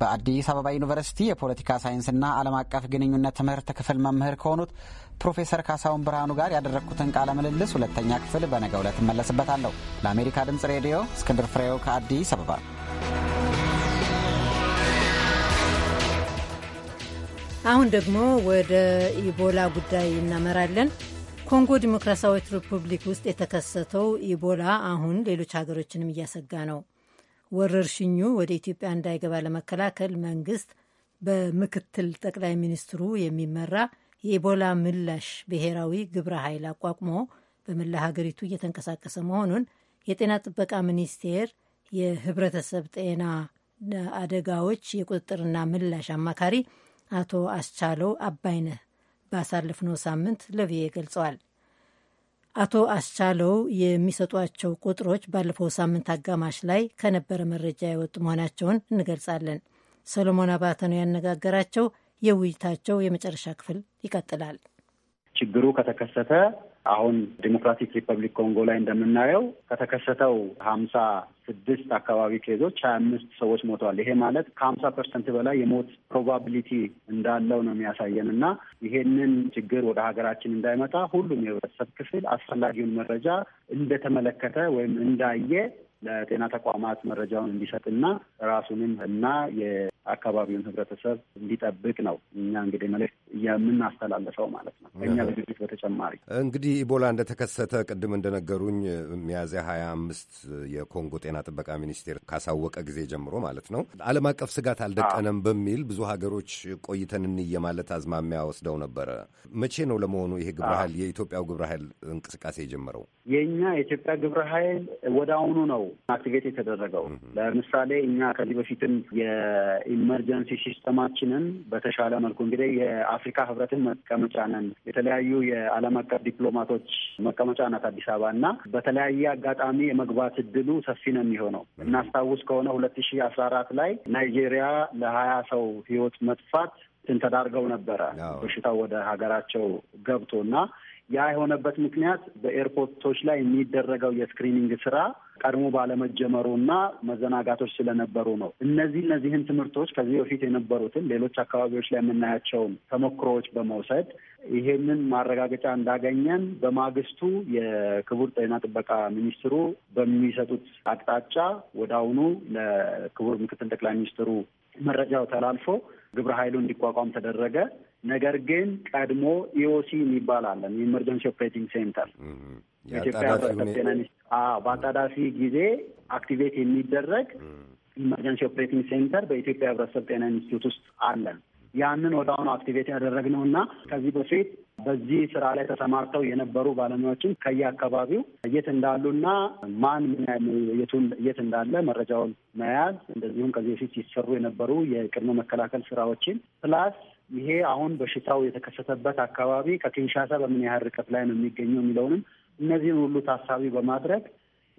በአዲስ አበባ ዩኒቨርሲቲ የፖለቲካ ሳይንስና ዓለም አቀፍ ግንኙነት ትምህርት ክፍል መምህር ከሆኑት ፕሮፌሰር ካሳሁን ብርሃኑ ጋር ያደረግኩትን ቃለ ምልልስ ሁለተኛ ክፍል በነገ ዕለት እመለስበታለሁ። ለአሜሪካ ድምፅ ሬዲዮ እስክንድር ፍሬው ከአዲስ አበባ። አሁን ደግሞ ወደ ኢቦላ ጉዳይ እናመራለን። ኮንጎ ዲሞክራሲያዊት ሪፑብሊክ ውስጥ የተከሰተው ኢቦላ አሁን ሌሎች ሀገሮችንም እያሰጋ ነው። ወረርሽኙ ወደ ኢትዮጵያ እንዳይገባ ለመከላከል መንግስት በምክትል ጠቅላይ ሚኒስትሩ የሚመራ የኢቦላ ምላሽ ብሔራዊ ግብረ ኃይል አቋቁሞ በመላ ሀገሪቱ እየተንቀሳቀሰ መሆኑን የጤና ጥበቃ ሚኒስቴር የህብረተሰብ ጤና አደጋዎች የቁጥጥርና ምላሽ አማካሪ አቶ አስቻለው አባይነህ ባሳለፍነው ሳምንት ለቪኦኤ ገልጸዋል። አቶ አስቻለው የሚሰጧቸው ቁጥሮች ባለፈው ሳምንት አጋማሽ ላይ ከነበረ መረጃ የወጡ መሆናቸውን እንገልጻለን። ሰሎሞን አባተ ነው ያነጋገራቸው። የውይይታቸው የመጨረሻ ክፍል ይቀጥላል። ችግሩ ከተከሰተ አሁን ዲሞክራቲክ ሪፐብሊክ ኮንጎ ላይ እንደምናየው ከተከሰተው ሀምሳ ስድስት አካባቢ ኬዞች ሀያ አምስት ሰዎች ሞተዋል። ይሄ ማለት ከሀምሳ ፐርሰንት በላይ የሞት ፕሮባቢሊቲ እንዳለው ነው የሚያሳየን እና ይሄንን ችግር ወደ ሀገራችን እንዳይመጣ ሁሉም የህብረተሰብ ክፍል አስፈላጊውን መረጃ እንደተመለከተ ወይም እንዳየ ለጤና ተቋማት መረጃውን እንዲሰጥና ራሱንም እና አካባቢውን ህብረተሰብ እንዲጠብቅ ነው እኛ እንግዲህ መልዕክት የምናስተላልፈው ማለት ነው። ከእኛ ዝግጅት በተጨማሪ እንግዲህ ኢቦላ እንደተከሰተ ቅድም እንደነገሩኝ ሚያዝያ ሀያ አምስት የኮንጎ ጤና ጥበቃ ሚኒስቴር ካሳወቀ ጊዜ ጀምሮ ማለት ነው ዓለም አቀፍ ስጋት አልደቀነም በሚል ብዙ ሀገሮች ቆይተን እንየ ማለት አዝማሚያ ወስደው ነበረ። መቼ ነው ለመሆኑ ይሄ ግብረ ኃይል የኢትዮጵያው ግብረ ኃይል እንቅስቃሴ የጀመረው? የእኛ የኢትዮጵያ ግብረ ኃይል ወደ አሁኑ ነው አክቲቬት የተደረገው። ለምሳሌ እኛ ከዚህ በፊትም ኢመርጀንሲ ሲስተማችንን በተሻለ መልኩ እንግዲህ የአፍሪካ ህብረትን መቀመጫ ነን፣ የተለያዩ የዓለም አቀፍ ዲፕሎማቶች መቀመጫ ናት አዲስ አበባ እና በተለያየ አጋጣሚ የመግባት እድሉ ሰፊ ነው የሚሆነው። እናስታውስ ከሆነ ሁለት ሺ አስራ አራት ላይ ናይጄሪያ ለሀያ ሰው ህይወት መጥፋት እንትን ተዳርገው ነበረ በሽታው ወደ ሀገራቸው ገብቶ እና ያ የሆነበት ምክንያት በኤርፖርቶች ላይ የሚደረገው የስክሪኒንግ ስራ ቀድሞ ባለመጀመሩ እና መዘናጋቶች ስለነበሩ ነው። እነዚህ እነዚህን ትምህርቶች ከዚህ በፊት የነበሩትን ሌሎች አካባቢዎች ላይ የምናያቸውን ተሞክሮዎች በመውሰድ ይሄንን ማረጋገጫ እንዳገኘን በማግስቱ የክቡር ጤና ጥበቃ ሚኒስትሩ በሚሰጡት አቅጣጫ ወደ አሁኑ ለክቡር ምክትል ጠቅላይ ሚኒስትሩ መረጃው ተላልፎ ግብረ ኃይሉ እንዲቋቋም ተደረገ። ነገር ግን ቀድሞ ኢኦሲ የሚባል አለን የኢመርጀንሲ ኦፕሬቲንግ ሴንተር ኢትዮጵያ ጤና በአጣዳፊ ጊዜ አክቲቬት የሚደረግ ኢመርጀንሲ ኦፕሬቲንግ ሴንተር በኢትዮጵያ ህብረተሰብ ጤና ኢንስቲትዩት ውስጥ አለን። ያንን ወደ አሁኑ አክቲቬት ያደረግነው እና ከዚህ በፊት በዚህ ስራ ላይ ተሰማርተው የነበሩ ባለሙያዎችን ከየአካባቢው የት እንዳሉና ማን የቱን የት እንዳለ መረጃውን መያዝ እንደዚሁም ከዚህ በፊት ሲሰሩ የነበሩ የቅድመ መከላከል ስራዎችን ፕላስ ይሄ አሁን በሽታው የተከሰተበት አካባቢ ከኪንሻሳ በምን ያህል ርቀት ላይ ነው የሚገኘው የሚለውንም እነዚህን ሁሉ ታሳቢ በማድረግ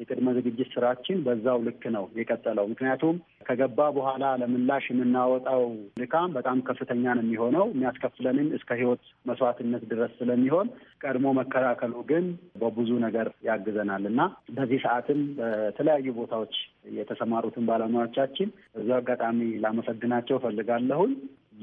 የቅድመ ዝግጅት ስራችን በዛው ልክ ነው የቀጠለው። ምክንያቱም ከገባ በኋላ ለምላሽ የምናወጣው ድካም በጣም ከፍተኛ ነው የሚሆነው የሚያስከፍለንም እስከ ህይወት መስዋዕትነት ድረስ ስለሚሆን ቀድሞ መከላከሉ ግን በብዙ ነገር ያግዘናል እና በዚህ ሰዓትም በተለያዩ ቦታዎች የተሰማሩትን ባለሙያዎቻችን በዚሁ አጋጣሚ ላመሰግናቸው ፈልጋለሁን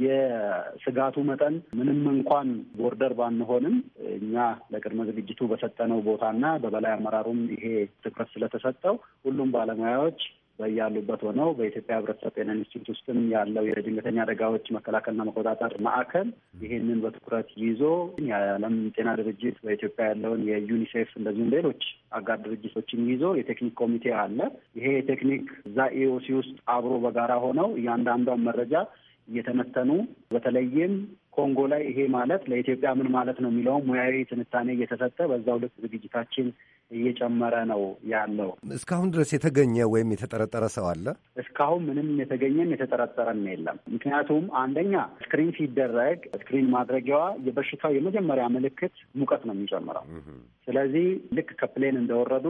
የስጋቱ መጠን ምንም እንኳን ቦርደር ባንሆንም እኛ ለቅድመ ዝግጅቱ በሰጠነው ቦታና በበላይ አመራሩም ይሄ ትኩረት ስለተሰጠው ሁሉም ባለሙያዎች በያሉበት ሆነው በኢትዮጵያ ሕብረተሰብ ጤና ኢንስቲትዩት ውስጥም ያለው የድንገተኛ አደጋዎች መከላከልና መቆጣጠር ማዕከል ይህንን በትኩረት ይዞ የዓለም ጤና ድርጅት በኢትዮጵያ ያለውን የዩኒሴፍ እንደዚሁም ሌሎች አጋር ድርጅቶችን ይዞ የቴክኒክ ኮሚቴ አለ። ይሄ የቴክኒክ እዛ ኢኦሲ ውስጥ አብሮ በጋራ ሆነው እያንዳንዷን መረጃ እየተነተኑ በተለይም ኮንጎ ላይ ይሄ ማለት ለኢትዮጵያ ምን ማለት ነው የሚለውም ሙያዊ ትንታኔ እየተሰጠ በዛው ልክ ዝግጅታችን እየጨመረ ነው ያለው። እስካሁን ድረስ የተገኘ ወይም የተጠረጠረ ሰው አለ? እስካሁን ምንም የተገኘም የተጠረጠረም የለም። ምክንያቱም አንደኛ ስክሪን ሲደረግ ስክሪን ማድረጊያዋ የበሽታው የመጀመሪያ ምልክት ሙቀት ነው የሚጨምረው። ስለዚህ ልክ ከፕሌን እንደወረዱ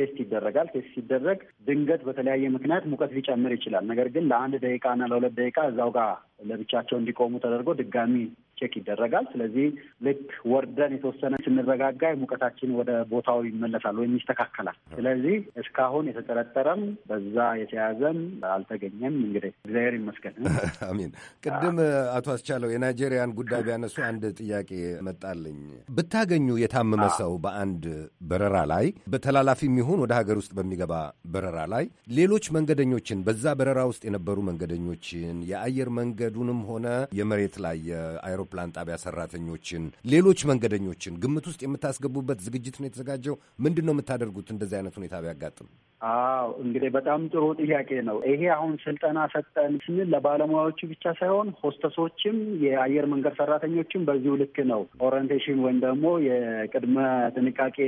ቴስት ይደረጋል። ቴስት ሲደረግ ድንገት በተለያየ ምክንያት ሙቀት ሊጨምር ይችላል። ነገር ግን ለአንድ ደቂቃና ለሁለት ደቂቃ እዛው ጋር ለብቻቸው እንዲቆሙ ተደርጎ ድጋሚ ቼክ ይደረጋል። ስለዚህ ልክ ወርደን የተወሰነ ስንረጋጋ ሙቀታችን ወደ ቦታው ይመለሳል ወይም ይስተካከላል። ስለዚህ እስካሁን የተጠረጠረም በዛ የተያዘም አልተገኘም። እንግዲህ እግዚአብሔር ይመስገን። [laughs] አሚን። ቅድም አቶ አስቻለው የናይጄሪያን ጉዳይ ቢያነሱ አንድ ጥያቄ መጣልኝ። ብታገኙ የታመመ ሰው በአንድ በረራ ላይ በተላላፊ የሚሆን ወደ ሀገር ውስጥ በሚገባ በረራ ላይ ሌሎች መንገደኞችን በዛ በረራ ውስጥ የነበሩ መንገደኞችን የአየር መንገዱንም ሆነ የመሬት ላይ የአይሮ የአውሮፕላን ጣቢያ ሰራተኞችን፣ ሌሎች መንገደኞችን ግምት ውስጥ የምታስገቡበት ዝግጅት ነው የተዘጋጀው? ምንድን ነው የምታደርጉት እንደዚህ አይነት ሁኔታ ቢያጋጥም? አዎ እንግዲህ በጣም ጥሩ ጥያቄ ነው። ይሄ አሁን ስልጠና ሰጠን ስንል ለባለሙያዎቹ ብቻ ሳይሆን ሆስተሶችም የአየር መንገድ ሰራተኞችም በዚሁ ልክ ነው ኦሪንቴሽን ወይም ደግሞ የቅድመ ጥንቃቄ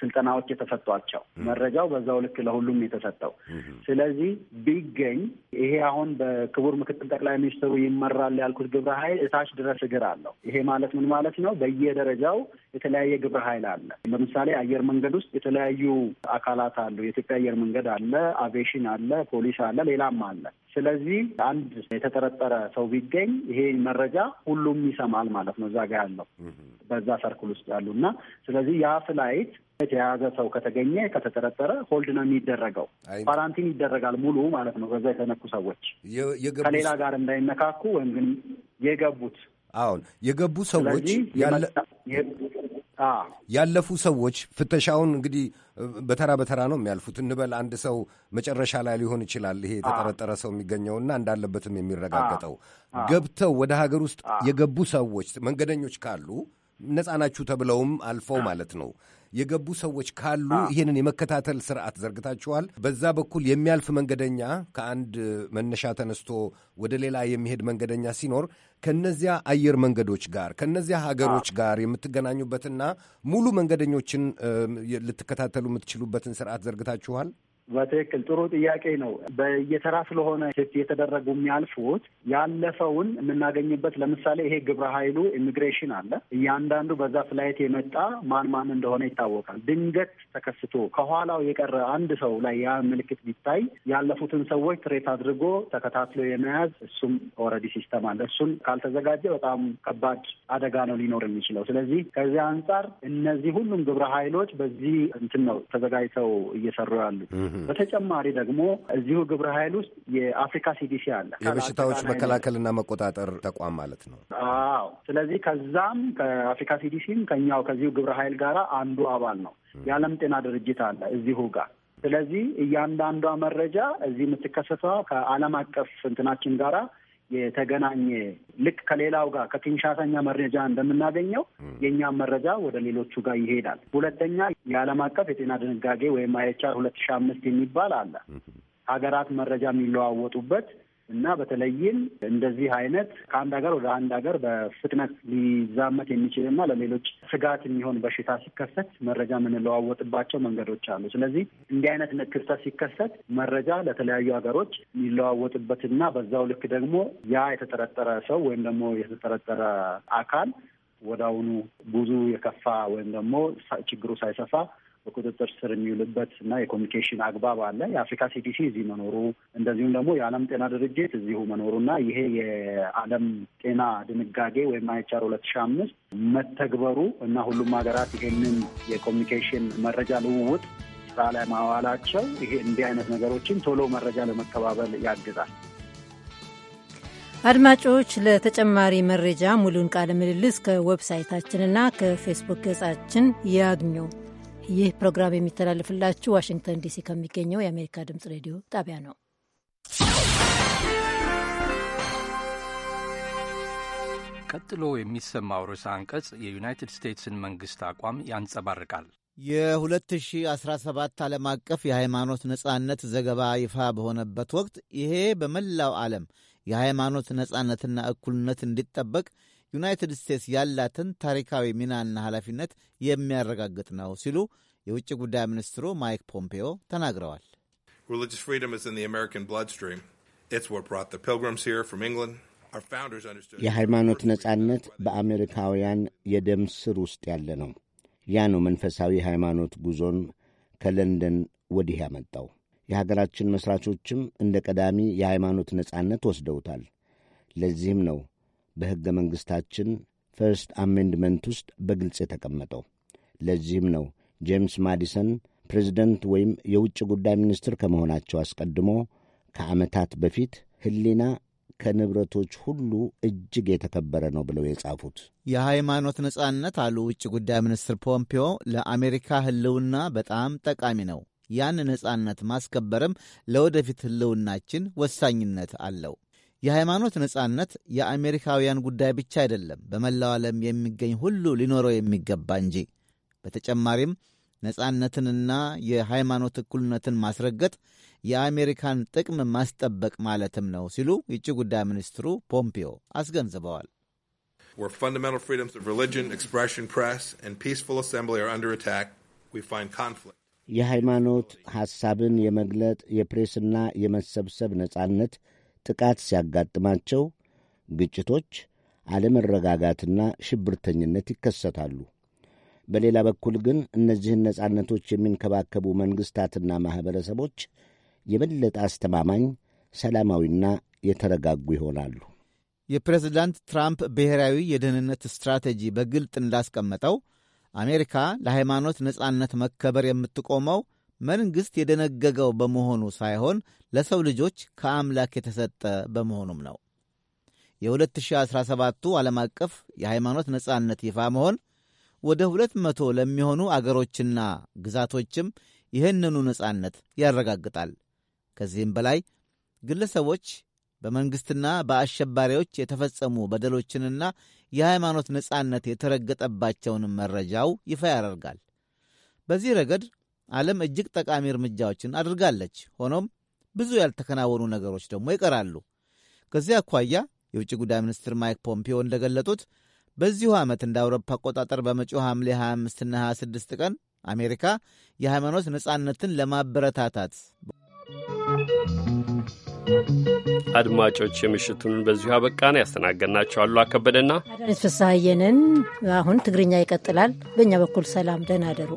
ስልጠናዎች የተሰጧቸው መረጃው በዛው ልክ ለሁሉም የተሰጠው። ስለዚህ ቢገኝ ይሄ አሁን በክቡር ምክትል ጠቅላይ ሚኒስትሩ ይመራል ያልኩት ግብረ ኃይል እታች ድረስ እግር አለው። ይሄ ማለት ምን ማለት ነው? በየደረጃው የተለያየ ግብረ ኃይል አለ። ለምሳሌ አየር መንገድ ውስጥ የተለያዩ አካላት አሉ። የኢትዮጵያ አየር መንገድ አለ፣ አቬሽን አለ፣ ፖሊስ አለ፣ ሌላም አለ። ስለዚህ አንድ የተጠረጠረ ሰው ቢገኝ ይሄ መረጃ ሁሉም ይሰማል ማለት ነው፣ እዛ ጋ ያለው በዛ ሰርክል ውስጥ ያሉ እና ስለዚህ ያ ፍላይት የተያዘ ሰው ከተገኘ ከተጠረጠረ ሆልድ ነው የሚደረገው። ኳራንቲን ይደረጋል ሙሉ ማለት ነው። በዛ የተነኩ ሰዎች ከሌላ ጋር እንዳይነካኩ ወይም ግን የገቡት አሁን የገቡ ሰዎች ያለፉ ሰዎች ፍተሻውን እንግዲህ በተራ በተራ ነው የሚያልፉት። እንበል አንድ ሰው መጨረሻ ላይ ሊሆን ይችላል ይሄ የተጠረጠረ ሰው የሚገኘውና እንዳለበትም የሚረጋገጠው ገብተው ወደ ሀገር ውስጥ የገቡ ሰዎች መንገደኞች ካሉ ነጻ ናችሁ ተብለውም አልፈው ማለት ነው የገቡ ሰዎች ካሉ ይህንን የመከታተል ስርዓት ዘርግታችኋል። በዛ በኩል የሚያልፍ መንገደኛ ከአንድ መነሻ ተነስቶ ወደ ሌላ የሚሄድ መንገደኛ ሲኖር ከነዚያ አየር መንገዶች ጋር ከነዚያ ሀገሮች ጋር የምትገናኙበትና ሙሉ መንገደኞችን ልትከታተሉ የምትችሉበትን ስርዓት ዘርግታችኋል። በትክክል ጥሩ ጥያቄ ነው። በየተራ ስለሆነ ሴት የተደረጉ የሚያልፉት ያለፈውን የምናገኝበት ለምሳሌ ይሄ ግብረ ኃይሉ ኢሚግሬሽን አለ። እያንዳንዱ በዛ ፍላይት የመጣ ማን ማን እንደሆነ ይታወቃል። ድንገት ተከስቶ ከኋላው የቀረ አንድ ሰው ላይ ያ ምልክት ቢታይ ያለፉትን ሰዎች ትሬት አድርጎ ተከታትሎ የመያዝ እሱም ኦልሬዲ ሲስተም አለ። እሱን ካልተዘጋጀ በጣም ከባድ አደጋ ነው ሊኖር የሚችለው። ስለዚህ ከዚህ አንጻር እነዚህ ሁሉም ግብረ ኃይሎች በዚህ እንትን ነው ተዘጋጅተው እየሰሩ ያሉ በተጨማሪ ደግሞ እዚሁ ግብረ ኃይል ውስጥ የአፍሪካ ሲዲሲ አለ፣ የበሽታዎች መከላከልና መቆጣጠር ተቋም ማለት ነው። አዎ። ስለዚህ ከዛም ከአፍሪካ ሲዲሲም ከኛው ከዚሁ ግብረ ኃይል ጋር አንዱ አባል ነው። የዓለም ጤና ድርጅት አለ እዚሁ ጋር ስለዚህ እያንዳንዷ መረጃ እዚህ የምትከሰተዋ ከዓለም አቀፍ እንትናችን ጋራ የተገናኘ ልክ ከሌላው ጋር ከኪንሻሳኛ መረጃ እንደምናገኘው የእኛም መረጃ ወደ ሌሎቹ ጋር ይሄዳል። ሁለተኛ የዓለም አቀፍ የጤና ድንጋጌ ወይም አይኤችአር ሁለት ሺ አምስት የሚባል አለ ሀገራት መረጃ የሚለዋወጡበት እና በተለይም እንደዚህ አይነት ከአንድ ሀገር ወደ አንድ ሀገር በፍጥነት ሊዛመት የሚችልና ለሌሎች ስጋት የሚሆን በሽታ ሲከሰት መረጃ የምንለዋወጥባቸው መንገዶች አሉ። ስለዚህ እንዲህ አይነት ክስተት ሲከሰት መረጃ ለተለያዩ ሀገሮች የሚለዋወጥበትና በዛው ልክ ደግሞ ያ የተጠረጠረ ሰው ወይም ደግሞ የተጠረጠረ አካል ወደ አሁኑ ብዙ የከፋ ወይም ደግሞ ችግሩ ሳይሰፋ በቁጥጥር ስር የሚውልበት እና የኮሚኒኬሽን አግባብ አለ። የአፍሪካ ሲዲሲ እዚህ መኖሩ እንደዚሁም ደግሞ የዓለም ጤና ድርጅት እዚሁ መኖሩ እና ይሄ የዓለም ጤና ድንጋጌ ወይም አይቻር ሁለት ሺ አምስት መተግበሩ እና ሁሉም ሀገራት ይሄንን የኮሚኒኬሽን መረጃ ልውውጥ ስራ ላይ ማዋላቸው ይሄ እንዲህ አይነት ነገሮችን ቶሎ መረጃ ለመከባበል ያግዛል። አድማጮች ለተጨማሪ መረጃ ሙሉን ቃለ ምልልስ ከዌብሳይታችንና ከፌስቡክ ገጻችን ያግኙ። ይህ ፕሮግራም የሚተላለፍላችሁ ዋሽንግተን ዲሲ ከሚገኘው የአሜሪካ ድምጽ ሬዲዮ ጣቢያ ነው። ቀጥሎ የሚሰማው ርዕሰ አንቀጽ የዩናይትድ ስቴትስን መንግሥት አቋም ያንጸባርቃል። የ2017 ዓለም አቀፍ የሃይማኖት ነጻነት ዘገባ ይፋ በሆነበት ወቅት ይሄ በመላው ዓለም የሃይማኖት ነጻነትና እኩልነት እንዲጠበቅ ዩናይትድ ስቴትስ ያላትን ታሪካዊ ሚናና ኃላፊነት የሚያረጋግጥ ነው ሲሉ የውጭ ጉዳይ ሚኒስትሩ ማይክ ፖምፔዮ ተናግረዋል። የሃይማኖት ነጻነት በአሜሪካውያን የደም ስር ውስጥ ያለ ነው። ያ ነው መንፈሳዊ ሃይማኖት ጉዞን ከለንደን ወዲህ ያመጣው። የሀገራችን መሥራቾችም እንደ ቀዳሚ የሃይማኖት ነጻነት ወስደውታል። ለዚህም ነው በሕገ መንግሥታችን ፈርስት አሜንድመንት ውስጥ በግልጽ የተቀመጠው። ለዚህም ነው ጄምስ ማዲሰን ፕሬዚደንት ወይም የውጭ ጉዳይ ሚኒስትር ከመሆናቸው አስቀድሞ ከዓመታት በፊት ሕሊና ከንብረቶች ሁሉ እጅግ የተከበረ ነው ብለው የጻፉት። የሃይማኖት ነጻነት አሉ ውጭ ጉዳይ ሚኒስትር ፖምፒዮ ለአሜሪካ ሕልውና በጣም ጠቃሚ ነው። ያን ነጻነት ማስከበርም ለወደፊት ሕልውናችን ወሳኝነት አለው። የሃይማኖት ነጻነት የአሜሪካውያን ጉዳይ ብቻ አይደለም፣ በመላው ዓለም የሚገኝ ሁሉ ሊኖረው የሚገባ እንጂ። በተጨማሪም ነጻነትንና የሃይማኖት እኩልነትን ማስረገጥ የአሜሪካን ጥቅም ማስጠበቅ ማለትም ነው ሲሉ የውጭ ጉዳይ ሚኒስትሩ ፖምፒዮ አስገንዝበዋል። የሃይማኖት ሐሳብን የመግለጥ የፕሬስና የመሰብሰብ ነጻነት ጥቃት ሲያጋጥማቸው ግጭቶች፣ አለመረጋጋትና ሽብርተኝነት ይከሰታሉ። በሌላ በኩል ግን እነዚህን ነጻነቶች የሚንከባከቡ መንግሥታትና ማኅበረሰቦች የበለጠ አስተማማኝ፣ ሰላማዊና የተረጋጉ ይሆናሉ። የፕሬዝዳንት ትራምፕ ብሔራዊ የደህንነት ስትራቴጂ በግልጥ እንዳስቀመጠው አሜሪካ ለሃይማኖት ነጻነት መከበር የምትቆመው መንግሥት የደነገገው በመሆኑ ሳይሆን ለሰው ልጆች ከአምላክ የተሰጠ በመሆኑም ነው። የ2017ቱ ዓለም አቀፍ የሃይማኖት ነጻነት ይፋ መሆን ወደ ሁለት መቶ ለሚሆኑ አገሮችና ግዛቶችም ይህንኑ ነጻነት ያረጋግጣል። ከዚህም በላይ ግለሰቦች በመንግሥትና በአሸባሪዎች የተፈጸሙ በደሎችንና የሃይማኖት ነጻነት የተረገጠባቸውን መረጃው ይፋ ያደርጋል። በዚህ ረገድ ዓለም እጅግ ጠቃሚ እርምጃዎችን አድርጋለች። ሆኖም ብዙ ያልተከናወኑ ነገሮች ደግሞ ይቀራሉ። ከዚህ አኳያ የውጭ ጉዳይ ሚኒስትር ማይክ ፖምፒዮ እንደገለጡት በዚሁ ዓመት እንደ አውሮፓ አቆጣጠር በመጪው ሐምሌ 25ና 26 ቀን አሜሪካ የሃይማኖት ነጻነትን ለማበረታታት አድማጮች፣ የምሽቱን በዚሁ ነው ያስተናገድናቸው አሉ ከበደና ፍስሐየንን። አሁን ትግርኛ ይቀጥላል። በእኛ በኩል ሰላም፣ ደህና አደሩ።